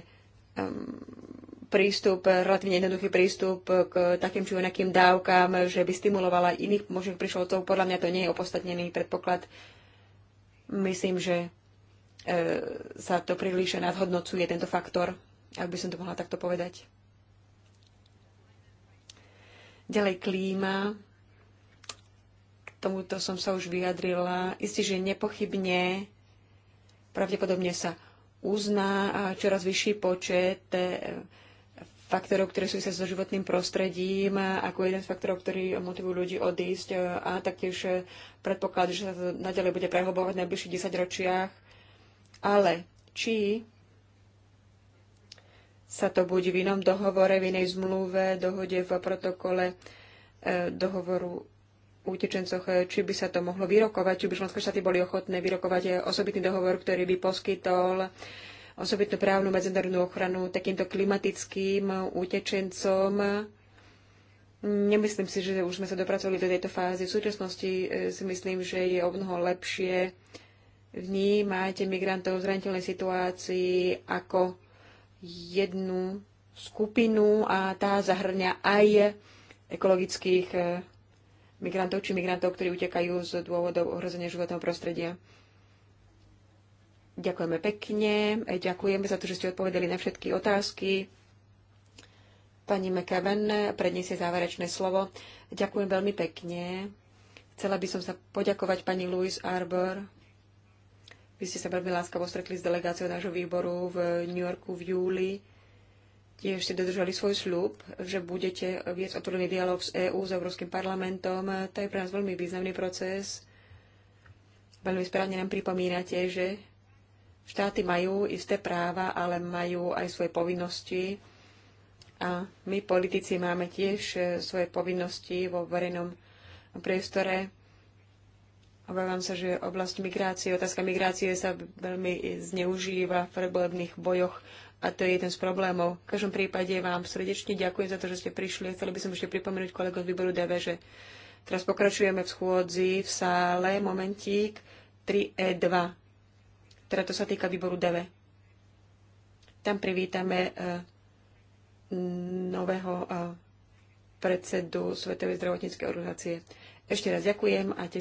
S2: um, prístup, relatívne jednoduchý prístup k takým či onakým dávkám, že by stimulovala iných možných prišlovcov. Podľa mňa to nie je opodstatnený predpoklad. Myslím, že e, sa to príliš nadhodnocuje, tento faktor, ak by som to mohla takto povedať. Ďalej klíma. K tomuto som sa už vyjadrila. Isté, že nepochybne pravdepodobne sa uzná čoraz vyšší počet e, faktorov, ktoré sú sa so životným prostredím, ako jeden z faktorov, ktorý motivujú ľudí odísť e, a taktiež e, predpoklad, že sa to nadalej bude prehlbovať v najbližších desaťročiach. Ale či sa to buď v inom dohovore, v inej zmluve, dohode v protokole e, dohovoru utečencoch, či by sa to mohlo vyrokovať, či by členské štáty boli ochotné vyrokovať osobitný dohovor, ktorý by poskytol osobitnú právnu medzinárodnú ochranu takýmto klimatickým utečencom. Nemyslím si, že už sme sa dopracovali do tejto fázy. V súčasnosti e, si myslím, že je o mnoho lepšie vnímať migrantov v zraniteľnej situácii ako jednu skupinu a tá zahrňa aj ekologických e, migrantov či migrantov, ktorí utekajú z dôvodov ohrozenia životného prostredia. Ďakujeme pekne, e, ďakujeme za to, že ste odpovedali na všetky otázky. Pani McKeven predniesie záverečné slovo. Ďakujem veľmi pekne. Chcela by som sa poďakovať pani Louise Arbor. Vy ste sa veľmi láskavo stretli s delegáciou nášho výboru v New Yorku v júli. Tiež ste dodržali svoj sľub, že budete viesť otvorený dialog s EÚ, s Európskym parlamentom. To je pre nás veľmi významný proces. Veľmi správne nám pripomínate, že Štáty majú isté práva, ale majú aj svoje povinnosti a my politici máme tiež e, svoje povinnosti vo verejnom priestore. Obávam sa, že oblasť migrácie, otázka migrácie sa veľmi zneužíva v predvolebných bojoch a to je jeden z problémov. V každom prípade vám srdečne ďakujem za to, že ste prišli. Chcel by som ešte pripomenúť kolegov z výboru DV, že teraz pokračujeme v schôdzi v sále, momentík 3E2 teda to sa týka výboru DV. Tam privítame e, nového e, predsedu Svetovej zdravotníckej organizácie. Ešte raz ďakujem a teším